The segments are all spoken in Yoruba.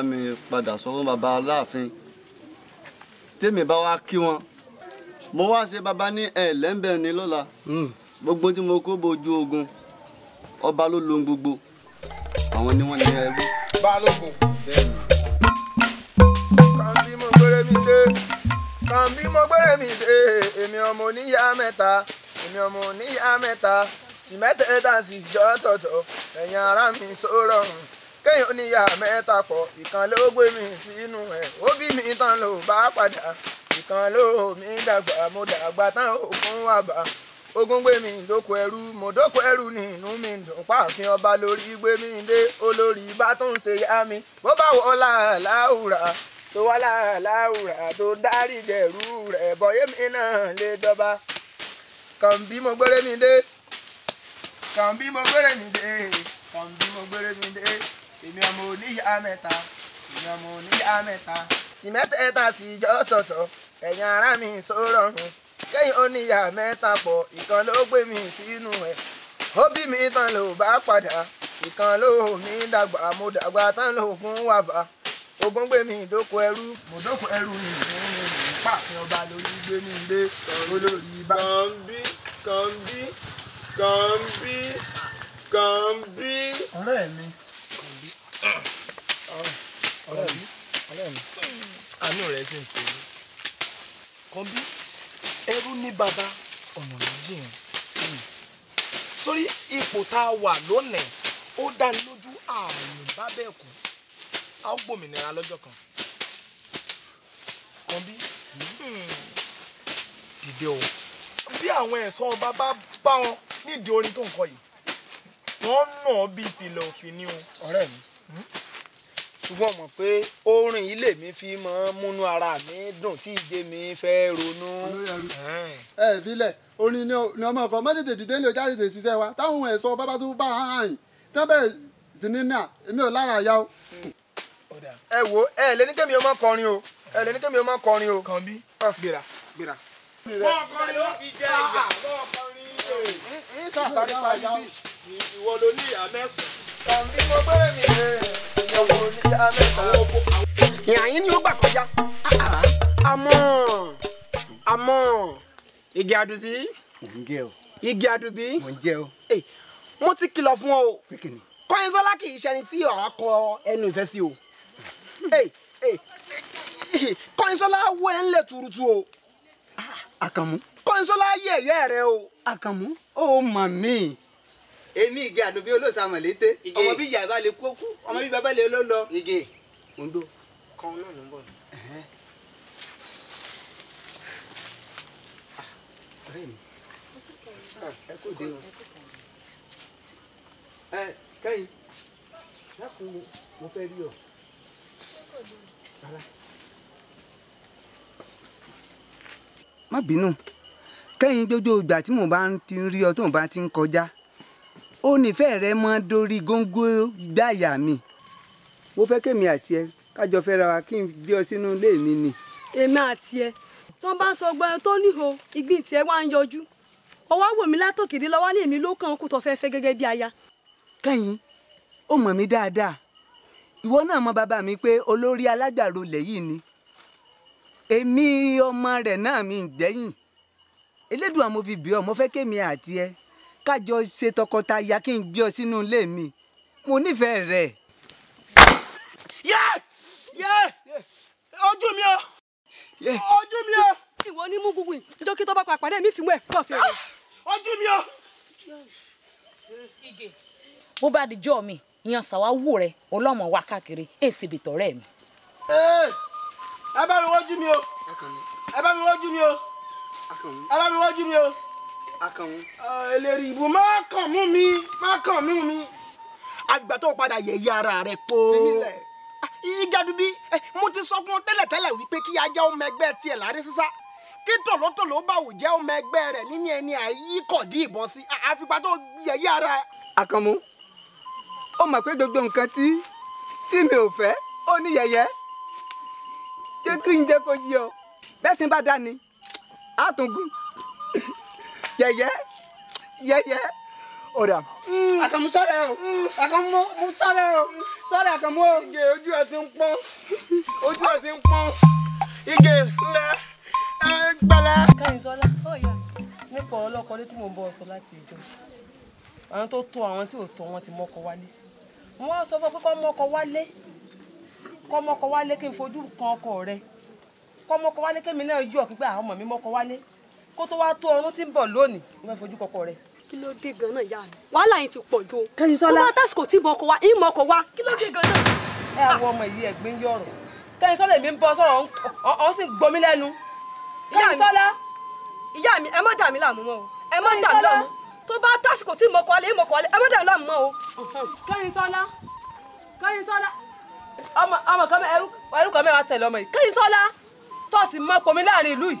bá mi padà sọ fún baba aláàfin tèmi bá wá kí wọn mo wá ṣe baba ní ẹ̀ẹ́lẹ́ńbẹ̀ ni lọ́la hmm. gbogbo tí mo kó bojú ogun ọba ló lo gbogbo àwọn ni wọ́n ní ẹrú. balógun kàǹbí mo gbére mi dé kàǹbí mo gbére mi dé èmi ọmọ oníyá mẹ́ta èmi ọmọ oníyá mẹ́ta tìmẹ́tẹ̀ẹ́ta sì jọ́ tọ̀tọ̀ ẹ̀yin ará mi sọ̀rọ̀. So kéyìn oníyà mẹ́ta pọ̀ ìkan ló gbé mi sínú ẹ̀ ó bí mi tán ló bá padà ìkan ló mi dàgbà mo dàgbà tán òkun wa bá ogun gbé mi ẹrú mo ẹrú ní inú mi dùn páàfin ọba lórí gbé mi dé olórí bá tún ṣe yá mi bó bá wọ láàláwùrà tó wá láàláwùrà tó dárí mi náà lè kàn bí mo gbére mi dé èmi ọmọ oníyá mẹ́ta èmi ọmọ oníyá mẹ́ta. tìmẹ́tẹ̀ẹ̀ta sì jọ tọ̀tọ̀ ẹ̀yin ará mi sọ̀rọ̀ hùn kẹ́yìn oníyá mẹ́ta pọ̀ ìkan ló gbé mi sínú ẹ̀ ó bí mi tán ló bá padà ìkan ló mi dàgbà mo dàgbà tán lóògùn wà bá ogun gbé mi ìdókò ẹrú mo dókò ẹrú mi ìrìn pààfin ọba lórí gbé mi ilé olórí bá. kàn bí kàn bí kàn bí kàn bí. ọ̀rẹ́ mi. Ah. Hmm. àánú rẹ sì ń sèlú kan bí ẹrú ní baba ọ̀nà méjì yẹn hmm. sórí ipò tá a wà lónìí ó dáni lójú ààrùn bá bẹ́ẹ̀ kú a ó gbòmìnira lọ́jọ́ kan kan bí hmm, dìde o bí àwọn ẹ̀sọ́ ọba bá bá wọn nídìí orin tó ń kọ yìí wọ́n nà án bíi ìfilẹ̀ òfin ni o. ọ̀rẹ́ mi ṣùgbọ́n mọ̀ pé orin yìí lèmi fi máa ń múnú ara mi dùn tí ìdè mi fẹ́ ronú. ẹ ẹ filẹ orin ni ọmọ ọkọ má tètè dìde lè o já tètè ṣiṣẹ́ wa táwọn ẹ sọ bàbá tó bá hàn án yìí tán bẹ̀rẹ̀ sí ní náà èmi ò lára yá o. ẹ wo ẹ lè ní kémi ọmọ kọrin o ẹ lè ní kémi ọmọ kọrin o. kàn bí. gbéra gbéra. bọ́ọ̀ kọrin ló fi jẹ ìyá bọ́ọ̀ kọrin. ń sàṣàrí parí bí. ìwọ ló ní ìyá mẹ́sàn-án yàyín ni ó gbà kọjá àmọ́ àmọ́ igi àdùbí igi àdùbí eh, mo ti kìlọ̀ fún ọ o Kọ́yìnsọ́lá kì í ṣẹni tí ọ̀rọ̀ kọ ẹnu ìfẹ́ sí o eh, eh, Kọ́yìnsọ́lá wọ ẹ̀ ń lẹ̀ tuurutu o. Àkànmú. Kọ́yìnsọ́lá yẹ̀yẹ́ rẹ o. Àkànmú ó oh, mà mí. èmi ìgè àdùnbí olóòsàmọ̀lété ọmọ bí ìyá ìbálẹ̀ kó kú ọmọ bí bàbá lè ló lọ. ondo. kan náà ló ń bọ̀. Ah, ah, ẹ kò dé o ẹ kẹ́yìn ọ. má mo bá ti ń ó nífẹ̀ẹ́ rẹ mọ́ dórí góńgó dáyà mi mo fẹ́ kémi àti ẹ kájọ fẹ́ra wa kí n bí ọ sínú ilé mi ni. èmi àti ẹ tó ń bá ń sọ ọgbọ́n tó níhò ìgbín tiẹ̀ wá ń yọjú ọwọ́ wò mí látòkèdè lọ́wọ́ ní èmi ló kàn kó tó fẹ́ fẹ́ gẹ́gẹ́ bí aya. kẹ́yìn ó mọ̀ mí dáadáa ìwọ náà mọ bàbá mi pé olórí alágbàrolẹ̀ yìí ni èmi ọmọ rẹ̀ náà mi ń gbẹ́yìn elédùn àmọ́ fi bí ọ mo fẹ́ kémi àti ẹ kájọ ṣe tọkọtaya kí n gbé ọ sínú ilé mi mo nífẹ̀ẹ́ rẹ. yẹ yẹ ojú mi o ojú mi o. ìwọ ni mú gbogbo ìjọkí tó bá pa àpàdé mi fi mú ẹ pọ fèrè. ojú mi o. bó bá di jọ́ mi ìyàn ṣàwáwò rẹ ọlọ́mọ wa káàkiri èsì bìtọ̀ rẹ mi. Eh! ẹ bá mi wọ́jú mi o ẹ bá mi wọ́jú mi o ẹ bá mi wọ́jú mi o akànmú. ẹlẹ́rìí ah, ìbò má kàn mú mi má kàn mú mi. àgbà tó padà yẹ̀yẹ́ ara rẹ̀ po. Ah, ìjàdùbí mo ti sọ fún ọ tẹ́lẹ̀tẹ́lẹ̀ wípé kí ajá ọmọ ẹgbẹ́ tiẹ̀ láre sísá kí tòlótòló bá wò jẹ́ ọmọ ẹgbẹ́ rẹ̀ nínú ẹni àyíkọ̀dí ìbọn sí ah, àfipá tó yẹ̀yẹ́ ara. akànmú ó mọ̀ pé gbogbo nǹkan tí tí mi ò fẹ́ ó ní yẹ̀yẹ́ jẹ́ kí n jẹ́ kó yí ọ bẹ́ẹ̀ sì bá dá àtúngún. Yeah yeah yeah yeah. Oda. o àkàmú mm. sọ̀rọ̀ o sọ̀rọ̀ àkàmú o. ige ojú ẹ ti ń pọ́n ojú ẹ ti ń pọ́n ige ńlẹ ẹ gbẹlẹ. kẹ́hìnsọ́lá ọ̀yà oh, nípa ọlọ́kọ létí mò ń bọ̀ sọ láti ìjọ àwọn tó tó àwọn tí ò tó wọn ti mọ́kọ wálé wọ́n á sọ fún pé kọ́ mọ́kọ wálé kọ́ mọ́kọ wálé kí n fojú kan ọkọ rẹ kọ́ mọ́kọ wálé kémi náà yọ̀ pípẹ́ àwọn ah, ọmọ mi mọ́kọ wálé kó tó wá tó ọrún tí ń bọ̀ lónìí mo fẹ́ fojú kọkọ rẹ. kí ló dé ganan ìyá mi wàhálà yìí ti pọ̀ ju o. kẹyìn sọlá tó bá tásìkò tí mo kọ wá ìmọ̀ kọ wá kí ló dé ganan. ẹ àwọn ọmọ ìlú ẹgbẹ́ ń yọrọ kẹyìn sọlá èmi ń bọ sọ̀rọ̀ ọ sì gbomi lẹ́nu. kẹyìn sọlá. ìyá mi ẹ má dà mí láàmú mọ́ o ẹ má dà mí láàmú tó bá tásìkò tí mo kọ alẹ́ mo kọ alẹ́ ẹ má dà mí láàmú mọ́ o. kẹyìn sọlá kẹyìn sọlá ọmọ ọmọ kan ẹrú kan mẹ́wàá tẹ̀lé ọmọ yìí kẹyìn sọlá tọ́sí mọ́ pomi láàrin ìlú yìí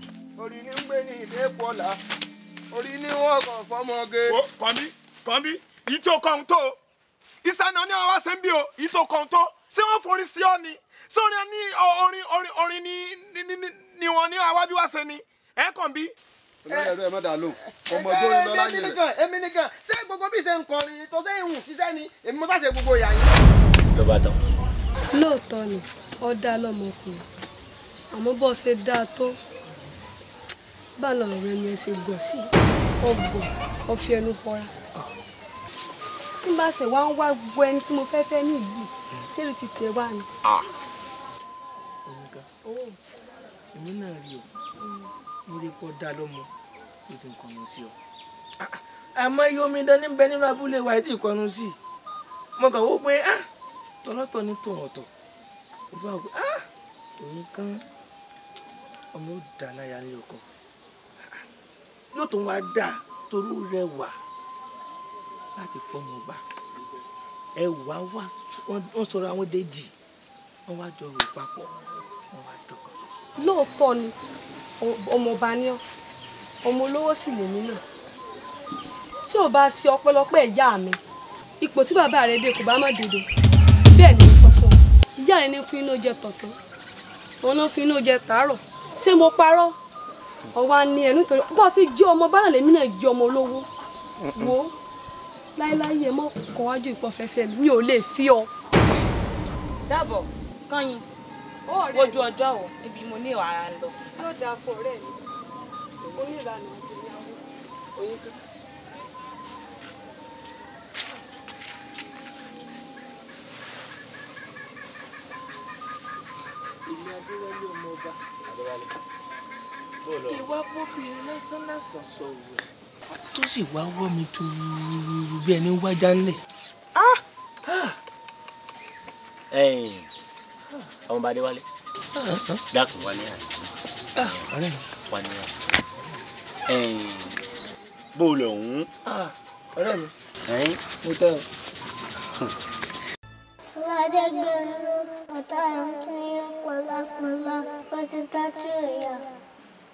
orí ní ń gbé ní ilé pọ̀lá orí ní wọ́n kàn fọmọge. kàn mí kàn mí yìí tó kàn tó ìsànà ní ọwọ́ ṣe ń bí o yìí tó kàn tó ṣé wọ́n forí sí ọ ni ṣé orin ní orin orin orin ni wọ́n ní àwa bí wá ṣe ni ẹ̀ kàn bí ẹlẹ́rọ ẹ má nìkan èmi nìkan ṣé gbogbo bí ṣe ń kọrin tó ṣe ń hùn ṣiṣẹ́ ni èmi mo ṣàṣe gbogbo ìyá yín. lóòótọ́ ni ó dá àmọ́ bó ṣe dáa tó bá lọ̀rọ̀ rẹ nu ẹsẹ̀ gbọ̀ sí ọgbọ̀n ọfi ẹnu pọra. tí n bá ṣe wá ń wá gbogbo ẹni tí mo fẹ́ fẹ́ ní ìlú sílùú ti tiẹ̀ wá ni. ọ̀gá èmi náà rí o mo rí pọ́ dá lọ́mọ ètò ìkànnì sí ọ. àmọ́ iye omi dán níbẹ̀ nínú abúlé wa ètò ìkànnì sí i mo kàn wó pé tọ́lọ́tọ̀ ah, ní tòwọ̀tọ̀ mo fẹ́ wá pé ah, òun kán ọmọ ò ní ọkọ̀ yóò tún wá dà torú rẹwà láti fọmọ ọba ẹwà wá wọn sọ̀rọ̀ àwọn dèjì wọn wá jọ rò papọ̀ wọn wá dọkàn ṣoṣo. lóòótọ́ ni ọmọọba ni ọ ọmọ olówó sì lèmi náà tí ò bá sí ọpẹ́lọpẹ́ ìyá mi ipò tí bàbá rẹ dé kò bá má dìde bẹ́ẹ̀ ni mo sọ fún ọ ìyá rẹ ní fún iná jẹ tọ̀sán òun náà fún iná jẹ tàárọ̀ ṣé mo parọ́ ọwọ́ á ní ẹnu nítorí bọ́ sí jẹ́ ọmọ bá làlẹ́ mi náà jẹ́ ọmọ olówó wo láéláé ẹ mọ́ kọ́ wájú ìpọ́fẹ́fẹ́ mi ò lè fi ọ. dábọ̀ kányìn ojú ọjọ́ ọ̀ ibi mo ní ọ̀hárá ń lọ. yóò dáa fún ọ̀rẹ́ mi oníranà àti ìyàwó oyinka. ìlú adéwálé ọmọ kí wá bóbìnrin lásán lásán sọ̀rọ̀ tó sì wá wọ́ mi tuuru bí ẹni wájà ńlẹ̀. Ah! ọmọba adéwálé dákun wá ní wá ní àná ah, bó o lè hùn. Ah, ọ̀rẹ́ mi mo tẹ́ ọ. ọlọ́dẹ gbẹ̀rún ọ̀tá ẹ̀ ń tún yín pọ̀lápọ̀lá ó ti tá tí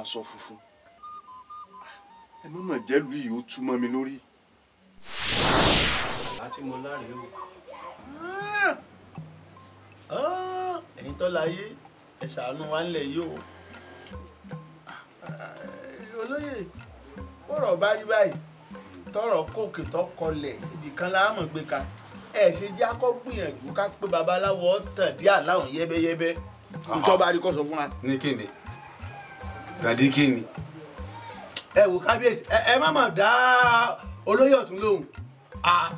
aṣọ funfun ẹ má mà jẹ́lu yìí ó tú mi lórí. àti mo láre o ah! Ah! ẹ̀yin tó láyé ẹ ṣàánú wa ńlẹ̀ yìí o ah, olóyè bọ́rọ̀ bá rí báyìí tọrọ kókè tó kọlẹ̀ ibìkan la mọ̀ gbé ka ẹ ṣe jẹ́ akọ́ gbìyànjú ká pé babaláwo tàn dí àláhùn yẹ́bẹ́yẹ́bẹ́ ntọ́ bá rí kó sọ fún wa. ní kíni dàdí kí ni ẹ wò kábíyèsí ẹ má mà dá olóyè ọ̀tún lóhùn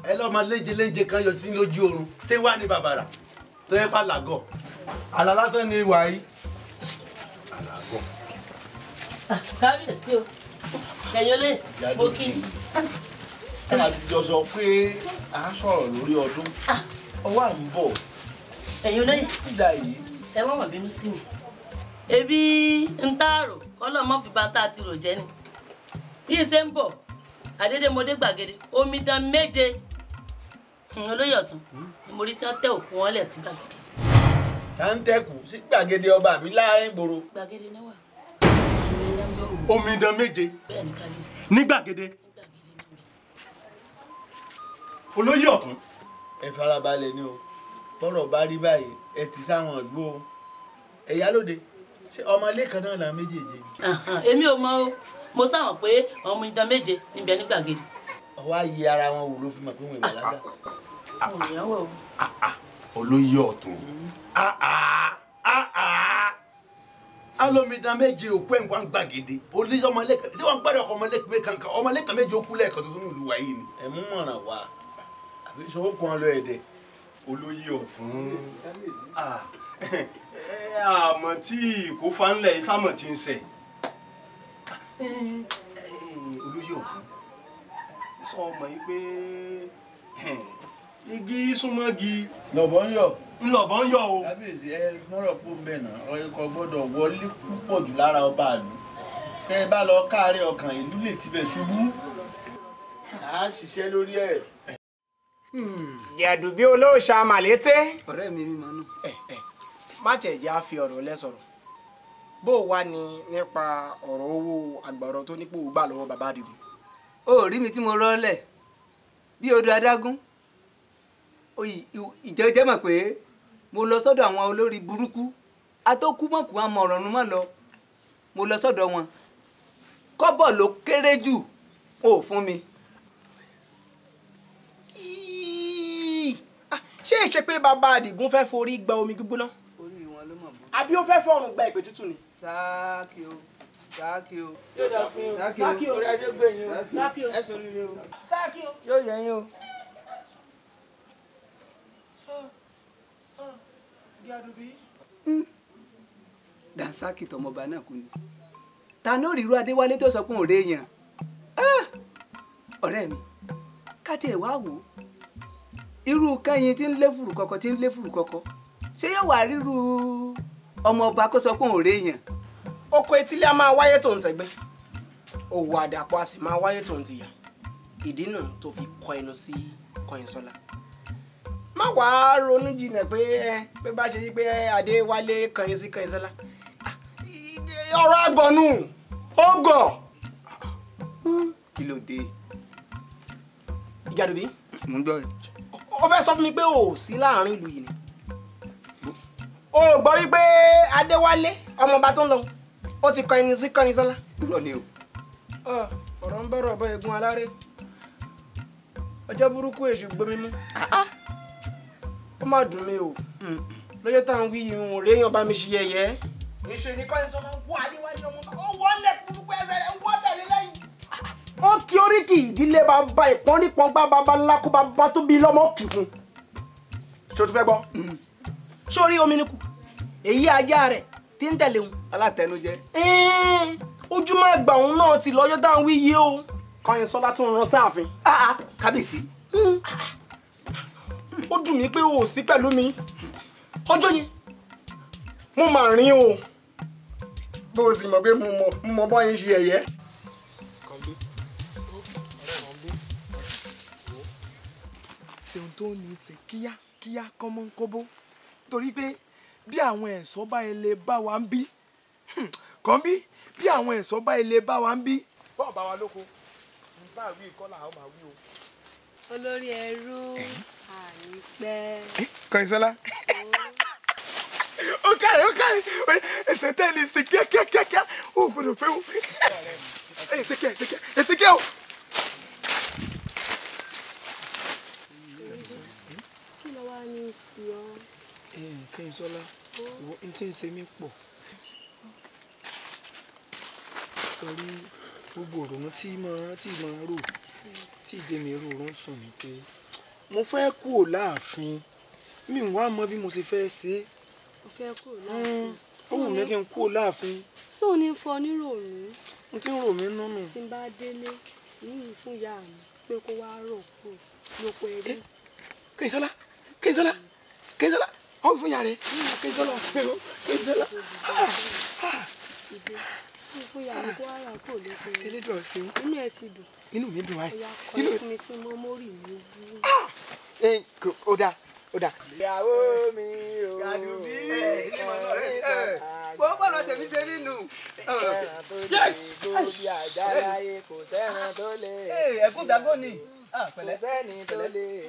ẹ lọ́mọ kan yọ sí lójú oorun ṣé wà ní bàbàrà tó yẹ pa làgọ̀ àlà ni ìwà yìí ah, kábíyèsí o kẹyọlé mo kí. a pé a sọrọ lórí ọdún ah. à ń ẹ bínú sí mi. ebi ń ọlọ́mọ fi bàtà àti rò jẹ́ ni bí n ṣe ń bọ̀ àdédémọdé gbàgede omidan méje hmm, olóyè ọ̀tún mo rí tí wọ́n tẹ òkú wọn lẹ̀ sí gbàgede. táǹtẹ̀kù sí gbàgede ọba mi láàrin ìgboro. gbàgede náà wà. omidan méje ní gbàgede olóyè ọ̀tún. ẹ farabalẹ̀ ni o tọ́rọ̀ bá rí báyìí ẹ ti sáwọn ìlú ẹ̀yà lóde ṣe ọmọ ilé kan náà là méjèèjì. èmi ò mọ o mo sáwọn pé ọmọ ìdán méje níbẹ̀ ní gbàgede. ọwọ́ ayé ara wọn wò ló fi mọ̀ pé wọn ìbàlágà. Ah, ah, ah, olóyè ọ̀tún alómidan méje òkú ẹ̀ ń wá gbàgede olóyè ọmọlẹ́kàn tí wọ́n gbọ́dọ̀ ọmọlẹ́kàn ọmọlẹ́kàn méje òkú lẹ́ẹ̀kan tuntun ní ìlú wa yìí ni. ẹ̀ mú mọ̀ràn wá àbí sọ́kùn ọlọ́ọ̀dẹ̀ olóyè ọ̀tún àmọ́ tí kò fa ńlẹ̀ ifámọ̀ ti ń sẹ̀ olóyè ọ̀tún sọ ọmọ yìí pé igi súnmọ́ gi. lọ̀bọ̀ ń yọ. lọ̀bọ̀ ń yọ o. kábíyèsí ẹ mọ̀rọ̀ pò ń bẹ̀ náà ọkọ̀ gbọ́dọ̀ wọlé púpọ̀ jù lára ọba àlù kẹ́ ẹ bá lọ káàárẹ̀ ọkàn ìlú lè tibẹ̀ ṣubú. a ṣiṣẹ́ lórí ẹ̀ gẹ̀dùbí olóòṣà màlété. ọ̀rẹ́ mi mi mọ̀nú. ẹ ẹ má tẹ̀ jẹ́ á fi ọ̀rọ̀ lẹ sọ̀rọ̀ bó o wá ní nípa ọ̀rọ̀ owó àgbàrọ̀ tó nípò gbà lọ́wọ́ bàbá àdìgún. o ò rí mi tí mo rọ́ọ̀lẹ̀ bí odò adágún ìjẹ́jẹ́ mọ̀ pé mo lọ sọ́dọ̀ àwọn olórí burúkú atókùmọ̀kù amọ̀rànú mọ̀ lọ mo lọ sọ́dọ̀ wọn kọ́bọ̀ ló kéré jù o fún mi. ṣé ìṣe pé bàbá àdìgún fẹ́ forí gba omi gbígbóná àbí ó fẹ́ fọrùn gba ìpè tútù ni. sáàkì o sáàkì o yóò dà fún yín sáàkì o orí adé gbé yín o sáàkì o ẹsùn rírẹ o sáàkì o yóò yẹ yín o. dànsákì tọmọba náà kú ni ta ní òrìrú adéwálé tó sọ pé òun rèé yàn ah! ọ̀rẹ́ mi ká tiẹ̀ wá wò ó irú kẹ́yìn tí ń lé fùrù kọ̀kọ̀ tí ń lé fùrù kọ̀kọ̀ ṣé yóò wà ríru ọmọ ọba kó sọ pé òun rèé yàn. oko etílé a máa wáyé tó ń tẹ̀gbẹ́ òwò àdàpọ̀ a sì máa wáyé tó ń tìyà ìdí nù tó fi kọ ẹnu sí Kọ́yìnsọ́lá má wàá ronú jinlẹ̀ pé ẹ pé bá ṣe yí pé Adéwálé kọ̀yìn sí Kọ́yìnsọ́lá ah, ọ̀rọ̀ àgọ̀nù ó gọ̀. Hmm. kí ló dé. ìjàdùbí. mo ń gbọ́ ẹ̀ ó fẹ́ sọ fún mi pé ò sí láàrin ìlú yìí ni o gbọ́ wípé adéwálé ọmọọba tó ń lọ ó ti kọ ẹni sí kọ́ni sọ́lá. irọ́ ni o. ọ̀rọ̀ ń bọ̀rọ̀ ọ̀bọ egun aláré ọjọ́ burúkú èṣù gbomi mú ó má dùn mí o lọ́jọ́ táwọn wí yìí ń réyàn bá mi ṣe yẹ̀yẹ́. èṣù ìníkọ́ni sọ́lá wọ adéwálé ọmọọba ó wọlé kúrúkú ẹsẹ̀ rẹ̀ wọ́ tẹ̀lé l ó kí oríkì ìdílé bàbá ìpọ́n nípọn bá bàbá lákú bàbá tó bí lọ́mọ kì fún ṣé o ti fẹ́ gbọ́. sórí omi ni kù èyí ajá rẹ̀ tí ń tẹ̀lé òun. alátẹnujẹ. ojúmọ́ ẹgbà òun náà ti lọ́jọ́ dáhùn wíyé o. kọyìn sọlá tún rán sáàfin. Ah, ah, kábíyèsí. Hmm. ó dùn mí pé o ò sí pẹ̀lú mi ọjọ́ yẹn mo máa rin o bó o sì mọ̀ pé mo mọ̀ bọ́ yẹn ṣe ẹ̀yẹ́. tó ní í ṣe kíákíá kọ́mọ́nkóbó torí pé bí àwọn ẹ̀ṣọ́ bá ilé bá wa ń bí kàn bí bí àwọn ẹ̀ṣọ́ bá ilé bá wa ń bí bọ́ọ̀ bá wa lóko ń bá wí kọ́là àwọn máa wí o. olórí ẹrú àyípẹ́. kọ́ńsọ́lá ó kárí ó kárí ẹsẹ̀ tẹ́lẹ̀ ṣe kíákíá ó gbọ́dọ̀ pé ó ẹsẹ̀ kíá ẹsẹ̀ kíá ẹsẹ̀ kíá o. ní í sí eh, ọ. Kẹ́yìnsọ́lá n tí ń ṣe mí pọ̀ sọrí gbogbo òrònú tí máa tí máa rò tí ìjẹmi rò ń sùn ní pé mo fẹ́ kúrò láàfin mi ò wá mọ bí mo ṣe fẹ́ ṣe é. mo fẹ́ kúrò hmm, láàfin. ó wù mí kí n kúrò láàfin. sóò ní fọ níròòrùn. mo ti ń rò mí nínú. tí n bá délé yìnyín fún mi pé kó wá rò kú lóko ẹbí. Eh, Kẹ́yìnsọ́lá Kẹ́sọ́lá Kẹ́sọ́lá ọ̀hún fún yàrá Kẹ́sọ́lá ọ̀sẹ̀rọ̀ Kẹ́sọ́lá. Elédùn ọ̀sẹ̀rọ̀. Inú ẹ ti dùn. Inú mi dùn wáyé. mi ti mọ mórì o da o da. Ìyàwó mi o. Gàdúbí. Ẹ ẹ ẹ wọ́n bọ̀lọ̀ tèmi ṣe nínú. Eh, eh, yes. Eh, Ẹ̀fún gbàgbọ́ ni. Ah, pẹ̀lẹ́ sẹ́ni tó lè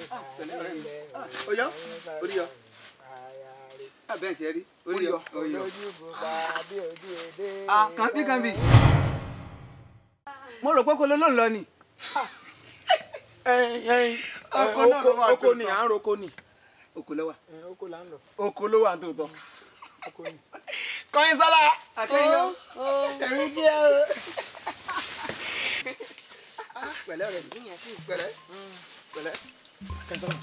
fà ah, ilẹ̀ ah, òyò orí yọ abẹ́ tiẹ̀ rí orí yọ orí yọ mo rò pé kolo ló ń lọ ni. oko ni à ń roko ni. oko ló wà. oko là ń lọ. oko ló wà tó tọ. kọ́yìn sọ́la. àkẹ́yìn o. Oh, oh. ẹ̀rù díẹ̀ o pẹ̀lẹ́ rẹ̀ ní yẹn sí pẹ̀lẹ́ pẹ̀lẹ́. kẹsàn án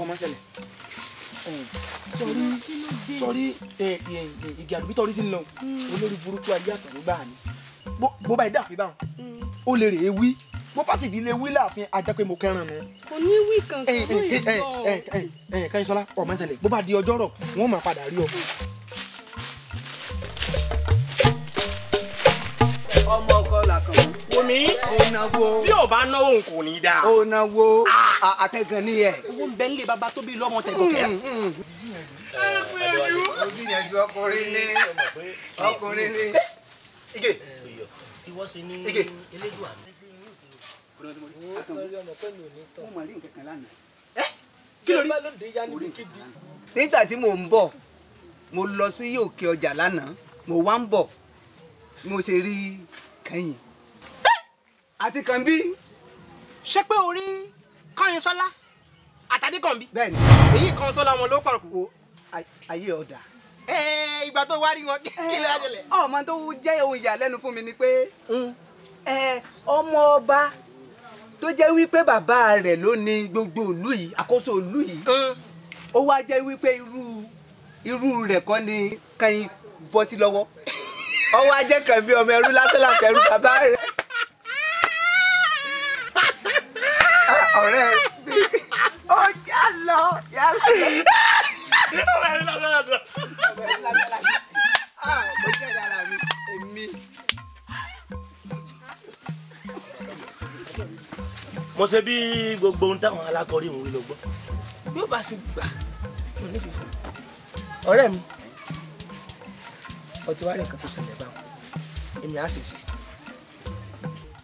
ọmọ ṣẹlẹ̀ sọrí sọrí igi àdùbí tọrí sí ń lọ hmm. olórí burúkú ayé àtọ̀rọ̀ gbà ní bó bá dàfi báwọn hmm. ó lè rèé wí bó bá sì fi lè wí láàfin ajá pé mo kẹ́ràn nù. kò ní wí kankan lóyún lọ. kẹ́yìn sọlá ọmọ ṣẹlẹ̀ bó bá di ọjọ́rọ̀ wọ́n máa padà rí ọ. kò ní. ó náwó. bí ò bá náwó n kò ní dáa. ó náwó ah. àtẹ̀gàn ni ẹ̀. owó ń bẹ nílé bàbá tó bí lọ́mọ tẹ̀gàn kẹ́. Mm, mm, mm. ẹ gbìyànjú. ó gbìyànjú ọkùnrin ni ọkùnrin ni. ige ìwọ sì ni elédùn àmì. mo mọ̀ rí nǹkan kan lánàá. kí ló rí nígbà tí mò ń bọ̀ mo lọ sí òkè ọjà lánàá mo wá ń bọ̀ mo ṣe rí kẹ́yìn àti kànbí ṣé pé orí kọrin sọlá àtàdé kànbí. bẹ́ẹ̀ni èyí kan sọlá wọn ló pàrọ̀ kúkú ayé ọ̀dà. ẹ ìgbà tó wá rí wọn kí eh, ló ṣẹlẹ̀. ọmọ tó jẹ́ ohun ìyàlẹ́nu fún mi ni pé hmm. ọmọ ọba tó jẹ́ wípé bàbá rẹ̀ ló ní gbogbo ìlú yìí àkóso ìlú yìí hmm. ó wá jẹ́ wípé irú irú rẹ̀ kọ́ ni kẹ́yìn bọ́ sí lọ́wọ́ ọwọ́ ajẹ́kànbí ọmọ ẹrú látọ́lá tẹ̀rù bàbá rẹ̀. ọ̀rẹ́ mi ó yà lọ yà lọ. ọmọ ẹni lásán lásán. ọmọ ẹni lásán lásán. ah mo jẹ́ ìdára mi èmi. mo ṣe bí gbogbo ohun táwọn alákọ̀ọ́rí ìwé ló gbọ́. bí ó bá ṣe gbà mo ní fífún ọ̀rẹ́ mi ọtí wàá rí nǹkan tó ṣẹlẹ̀ báwọn èmi á ṣèṣì.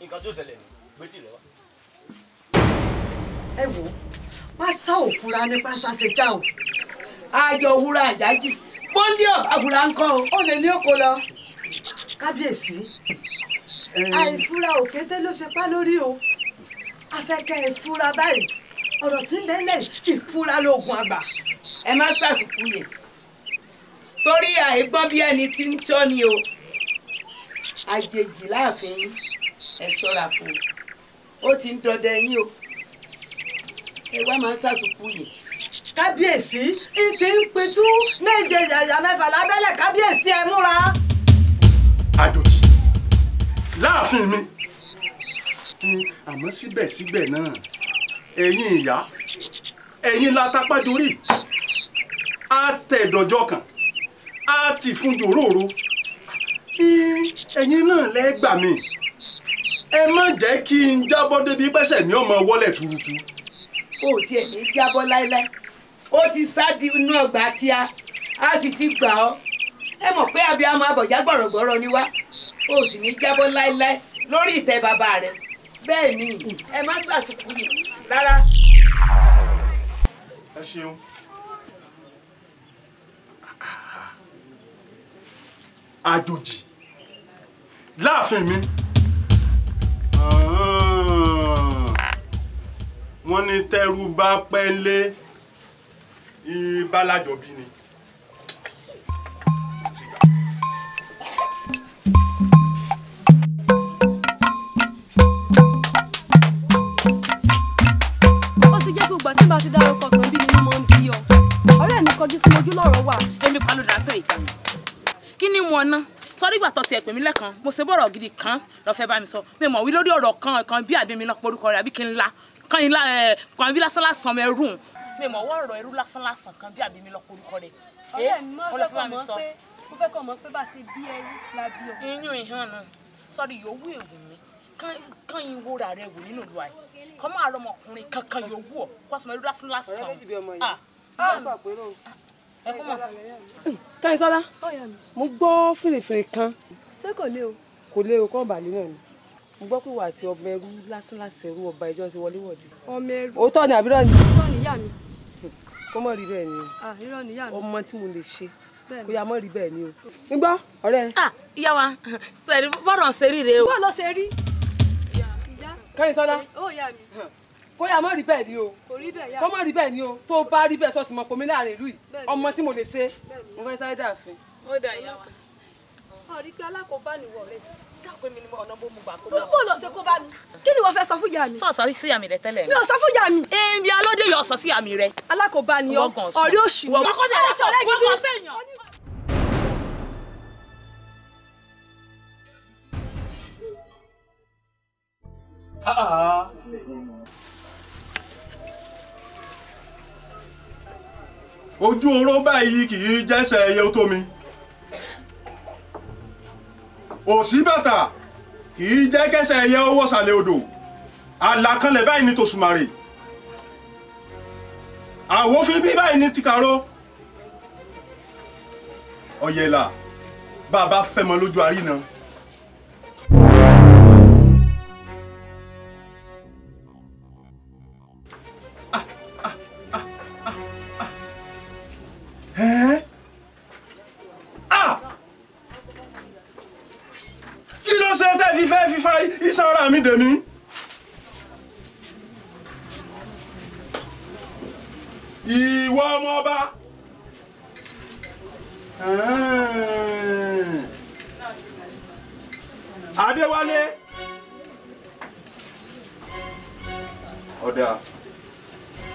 nǹkan tó ṣẹlẹ̀ ní gbé tì lọ́wọ́ ẹ wò pásá òfura ní pásá ṣe já o àjọ òwúrọ̀ àjájì bọ́ńdé ọ̀bàbùrà ń kọ́ o ó lè ní oko lọ kábíyèsí àìfura òkété ló ṣe pá lórí o afẹ́kẹ́ ìfura báyìí ọ̀rọ̀ tí ń bẹ́lẹ̀ ìfura lóògùn àgbà ẹ má sàṣùkú yẹ torí àìgbọ́n bí ẹni tí ń tọ́ ni o àjèjì láàfin ẹ ṣọ́ra fún un ó ti ń dọdẹ yín o ẹ wá máa ń sàṣùkú yìí kábíyèsí n ti ń pitú méje yàyà mẹ́fà lábẹ́lẹ̀ kábíyèsí ẹ múra. àjòjì láàfin mi hm, àmọ́ síbẹ̀síbẹ̀ náà ẹ̀yin ìyá ẹ̀yin látàpájórì á tẹ̀dọ̀jọ́ kan á ti fún jòróró hm, ẹ̀yin náà lẹ́gbàá mi ẹ má jẹ́ kí n jábọ́ débi pẹ́sẹ̀ mi ọmọ wọlé tuurutu. o tiẹ̀ jábọ́ láéláé ó ti sáàdì inú ọgbà tí a a sì ti gbà ọ́ ẹ mọ̀ pé abiyamọ abọ̀já gbọ̀rọ̀gbọ̀rọ̀ ni wá ó sì ní jábọ́ láéláé lórí ìtẹ́ bàbá rẹ bẹ́ẹ̀ ni ẹ má ṣàtúnkù yìí rárá. ẹ ṣeun. àjòjì láàfin mi. wọ́n ní tẹ́rù bá pẹ́ lé ìbálàjọbí ni. ó sì jẹ́ gbogbo àti bá ti dárúkọ kan bí nínú mọ́ ń bí ọ ọ̀rẹ́ mi kọjú sí mojú lọ́rọ̀ wà. èmi kan ló yìí kí ni wọn ná sọrí ìgbà tó ti ẹ̀pẹ̀ mi lẹ́kan mo ṣe bọ̀rọ̀ gidi kan lọ́ọ́ bá mi sọ mi mọ̀ wí lórí ọ̀rọ̀ kan kan bí àbí mi lọ́pọ̀ orúkọ rẹ̀ àbí kí n la kan yín eh, kan bí lásán lásán mẹ rùn mi mọ̀ wọ́n rọ ẹrú lásán lásán kan bí àbí mi lọ korúkọ rẹ̀. ọ̀rẹ́ eh, mi mo fẹ́ kọ́ mọ̀ pé mo fẹ́ kọ́ mọ̀ pé bá a ṣe bí ẹrú la bí o. iyún ìhàn nù sọ́ọ́dì yòówù èwù mi kán yín wúra rẹ̀ wò nínú ìlú àyè kọ́ máa rọ ọmọkùnrin kankan yòówù ọ̀ kó sọ ẹrú lásán lásán. ọ̀rẹ́ méjì bí ọmọ yìí ah. ẹ kọ́ mọ̀. káyọ̀ sọ́lá mo gbọ́ fìrìfìrì kan. ṣé kò lé o. kò lé o kọ́ ọ̀bàlẹ́ náà ni mo gbọ́ pé wà àti ọmọ ẹrú lásán láti ẹrú ọba ìjọ ti wọlé wọ̀de. ọmọ ẹrú òótọ́ ni àbírọ̀ ni. irọ́ ni ìyá mi. kó mọ̀ rí bẹ́ẹ̀ ni o. Ah, irọ́ ni ìyá mi. ọmọ tí mo lè ṣe kó yá mọ̀ rí bẹ́ẹ̀ ni o. ń gbọ́ ọ̀rẹ́. Ah, ìyá wa sẹ̀rí bọ́ọ̀rọ̀ ṣe rí o. bọ́ọ̀lù ṣe rí. kẹ́yìn sọ́lá. kó yá mọ̀ rí bẹ́ẹ̀ ni o. kò rí bẹ́ẹ̀ yá. kó mọ̀ rí bẹ́ẹ̀ ni o tó bá rí bẹ́ẹ̀ sọ́ọ̀tì mọ̀ pomi láàrin ìlú yìí ọmọ tí mo lè ṣe mo fẹ́ dákun mi lọ. bó kó bá mi. kí ni wọ́n fẹ́ sọ fún ìyá mi. sọ̀sọ̀ sí ìyá rẹ tẹ́lẹ̀. mi ò sọ fún ìyá mi. èmi alóde yóò sọ sí ìyá rẹ. alákòóbá ọ ọ̀rẹ́ òṣì wọ́n kọ́ ní ẹ̀rọ sọ̀rọ̀ ẹ̀gbẹ́ gidi. ojú oró báyìí kì í jẹ́sẹ̀ ẹyẹ tó mi òṣìbàtà kì í jẹ́ kẹsẹ̀ ẹyẹ ó wọ̀sàlẹ̀ odò àlàkalẹ̀ báyìí ni tòṣùmàrè àwòfin bí báyìí ni tìkàró ọ̀yẹ̀là bá a bá lójú àríná. Ah, ah, ah, ah, ah. Eh? fẹ́ fi fẹ́ fi mi dèmí. ìwọ ọmọ ọba adéwálé ọ̀dà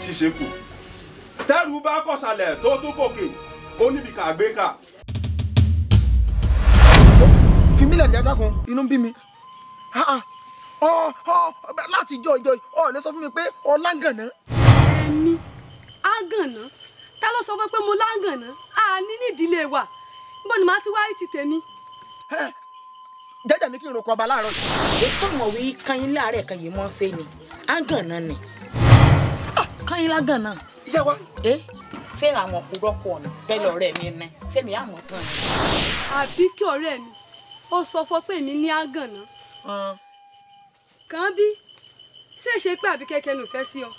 ṣíṣe kù tẹ́rù bá kọ̀sálẹ̀ tó tún kòkè ó níbi kà kà. fìmílẹ̀ dáadáa kan inú bí mi Ah, ah. Oh, oh, láti ìjọ ìjọ ọ lè sọ fún mi pé ọ láǹgànà. èmi ágànà ta ló sọ fún pé mo láǹgànà àní nídìílé wa níbo ni màá ti wá rí ti tèmi. jẹ́jẹ́ mi kí n roko ọba láàárọ̀. ètò ìmọ̀wé kanyín láàárẹ̀ kan yìí mọ́ ṣe ni ágànà ni. Ah! kanyín lágànà. ìyá wa. ẹ ṣé àwọn òpùrọ̀ kọ̀ ọ̀nà bẹ́ẹ̀ lọ́rẹ́ mi ní sẹ́mi àmọ̀ tán. àbí kí ọ̀rẹ́ mi ó sọ fún pé èmi ní ágànà kan. kàn bí ṣé ṣe pé àbí kẹ́kẹ́ nù fẹ́ sí ọ.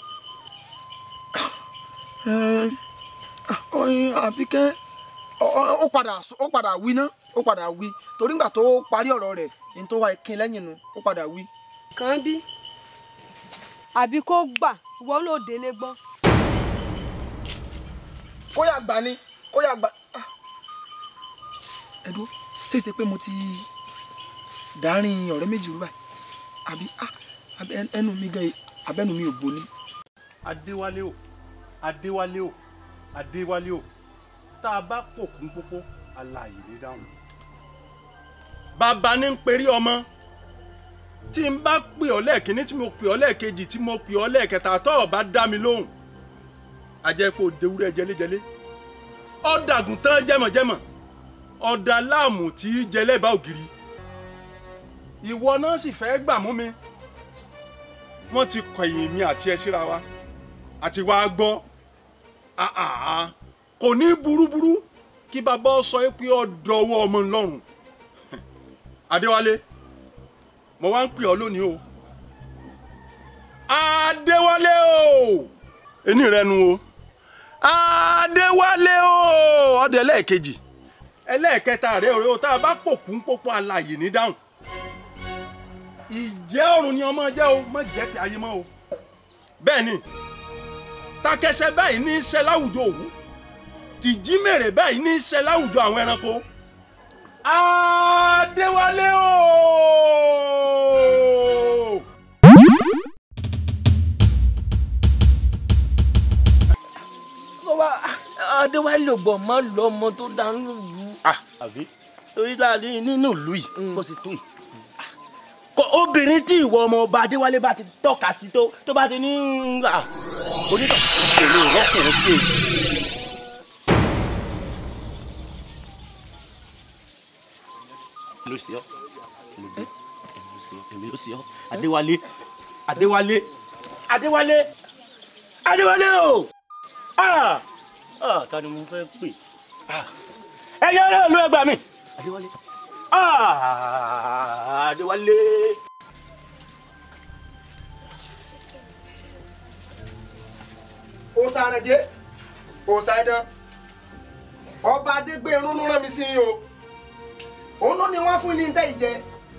ọyìn eh, àbíkẹ́ ó padà ó padà wí ná ó padà wí torí nígbà tó parí ọ̀rọ̀ rẹ̀ ní tó wá ikin lẹ́yìn nu ó padà wí. kàn bí àbí kó gbà wọ́n ló délé gbọ́. kó yà gbà ni kó yà gbà. Ah. ẹ dúró pé mo ti dáárín ọ̀rẹ́ méjì rú báyìí àbí ah, ẹnu mi gan abẹ́nu mi ò gbóni. adéwálé o adéwálé o adéwálé o tá a bá pòkún pópó aláàyè ní dáhùn. bàbá ní ń perí ọmọ tí n bá pè ọ́ lẹ́ẹ̀kínní tí mo pè ọ́ lẹ́ẹ̀kejì tí mo pè ọ́ lẹ́ẹ̀kẹta tó o bá dá mi lóhùn àjẹpọ̀ òdewúrẹ́ jẹlẹ́jẹlẹ́ ọ̀dàgùn tán jẹ́mọ̀jẹ́mọ̀ ọ̀dà láàmù tí í jẹlẹ́bàá ògiri ìwọ náà sì fẹ́ gbà mú mi wọ́n ti kọ̀yìn mi àti ẹ síra wa àti wàá gbọ́ kò ní burúburú kí bàbá ọ sọ pé ọ dọwọ́ ọmọ ńlọ́rùn Adéwálé mo wá ń pè ọ lónìí o Adéwálé o ẹni rẹ nu o Adéwálé o ọdẹ ẹlẹ́ẹ̀kejì ẹlẹ́ẹ̀kẹta rẹ o tá a bá pòkú ń pópó alàyè ní dáhùn ìjẹ́ ọ̀run ni ọmọ jẹ́ o má jẹ́ pé ayé mọ́ o bẹ́ẹ̀ ni takẹsẹ báyìí ní í láwùjọ òwú tìjímèrè báyìí ní í láwùjọ àwọn ẹranko Adéwálé o. Adéwálé ògbọ̀ mọ́ lọ́mọ tó dánú lù. Ah, àbí torí láàrin nínú ìlú yìí bó mm. ṣe tó yìí obìnrin tí ìwọ ọmọ ọba adéwálé bá ti tọ́ka sí tó tó bá ti ní à hmm, ah, onítọ̀ èlò rọ́kùnrin sí èyí. adéwálé adéwálé adéwálé adéwálé o ah ah ta mo fẹ́ pè ah ẹ̀yẹ́ ọlọ́run ló gbà mí adéwálé. Adéwálé. Òsàrànjẹ́ Òsàìdán ọba Adégbèrún ló rán mi sí yín o. Òun ló ní wọ́n fún ní tẹ́ ìjẹ.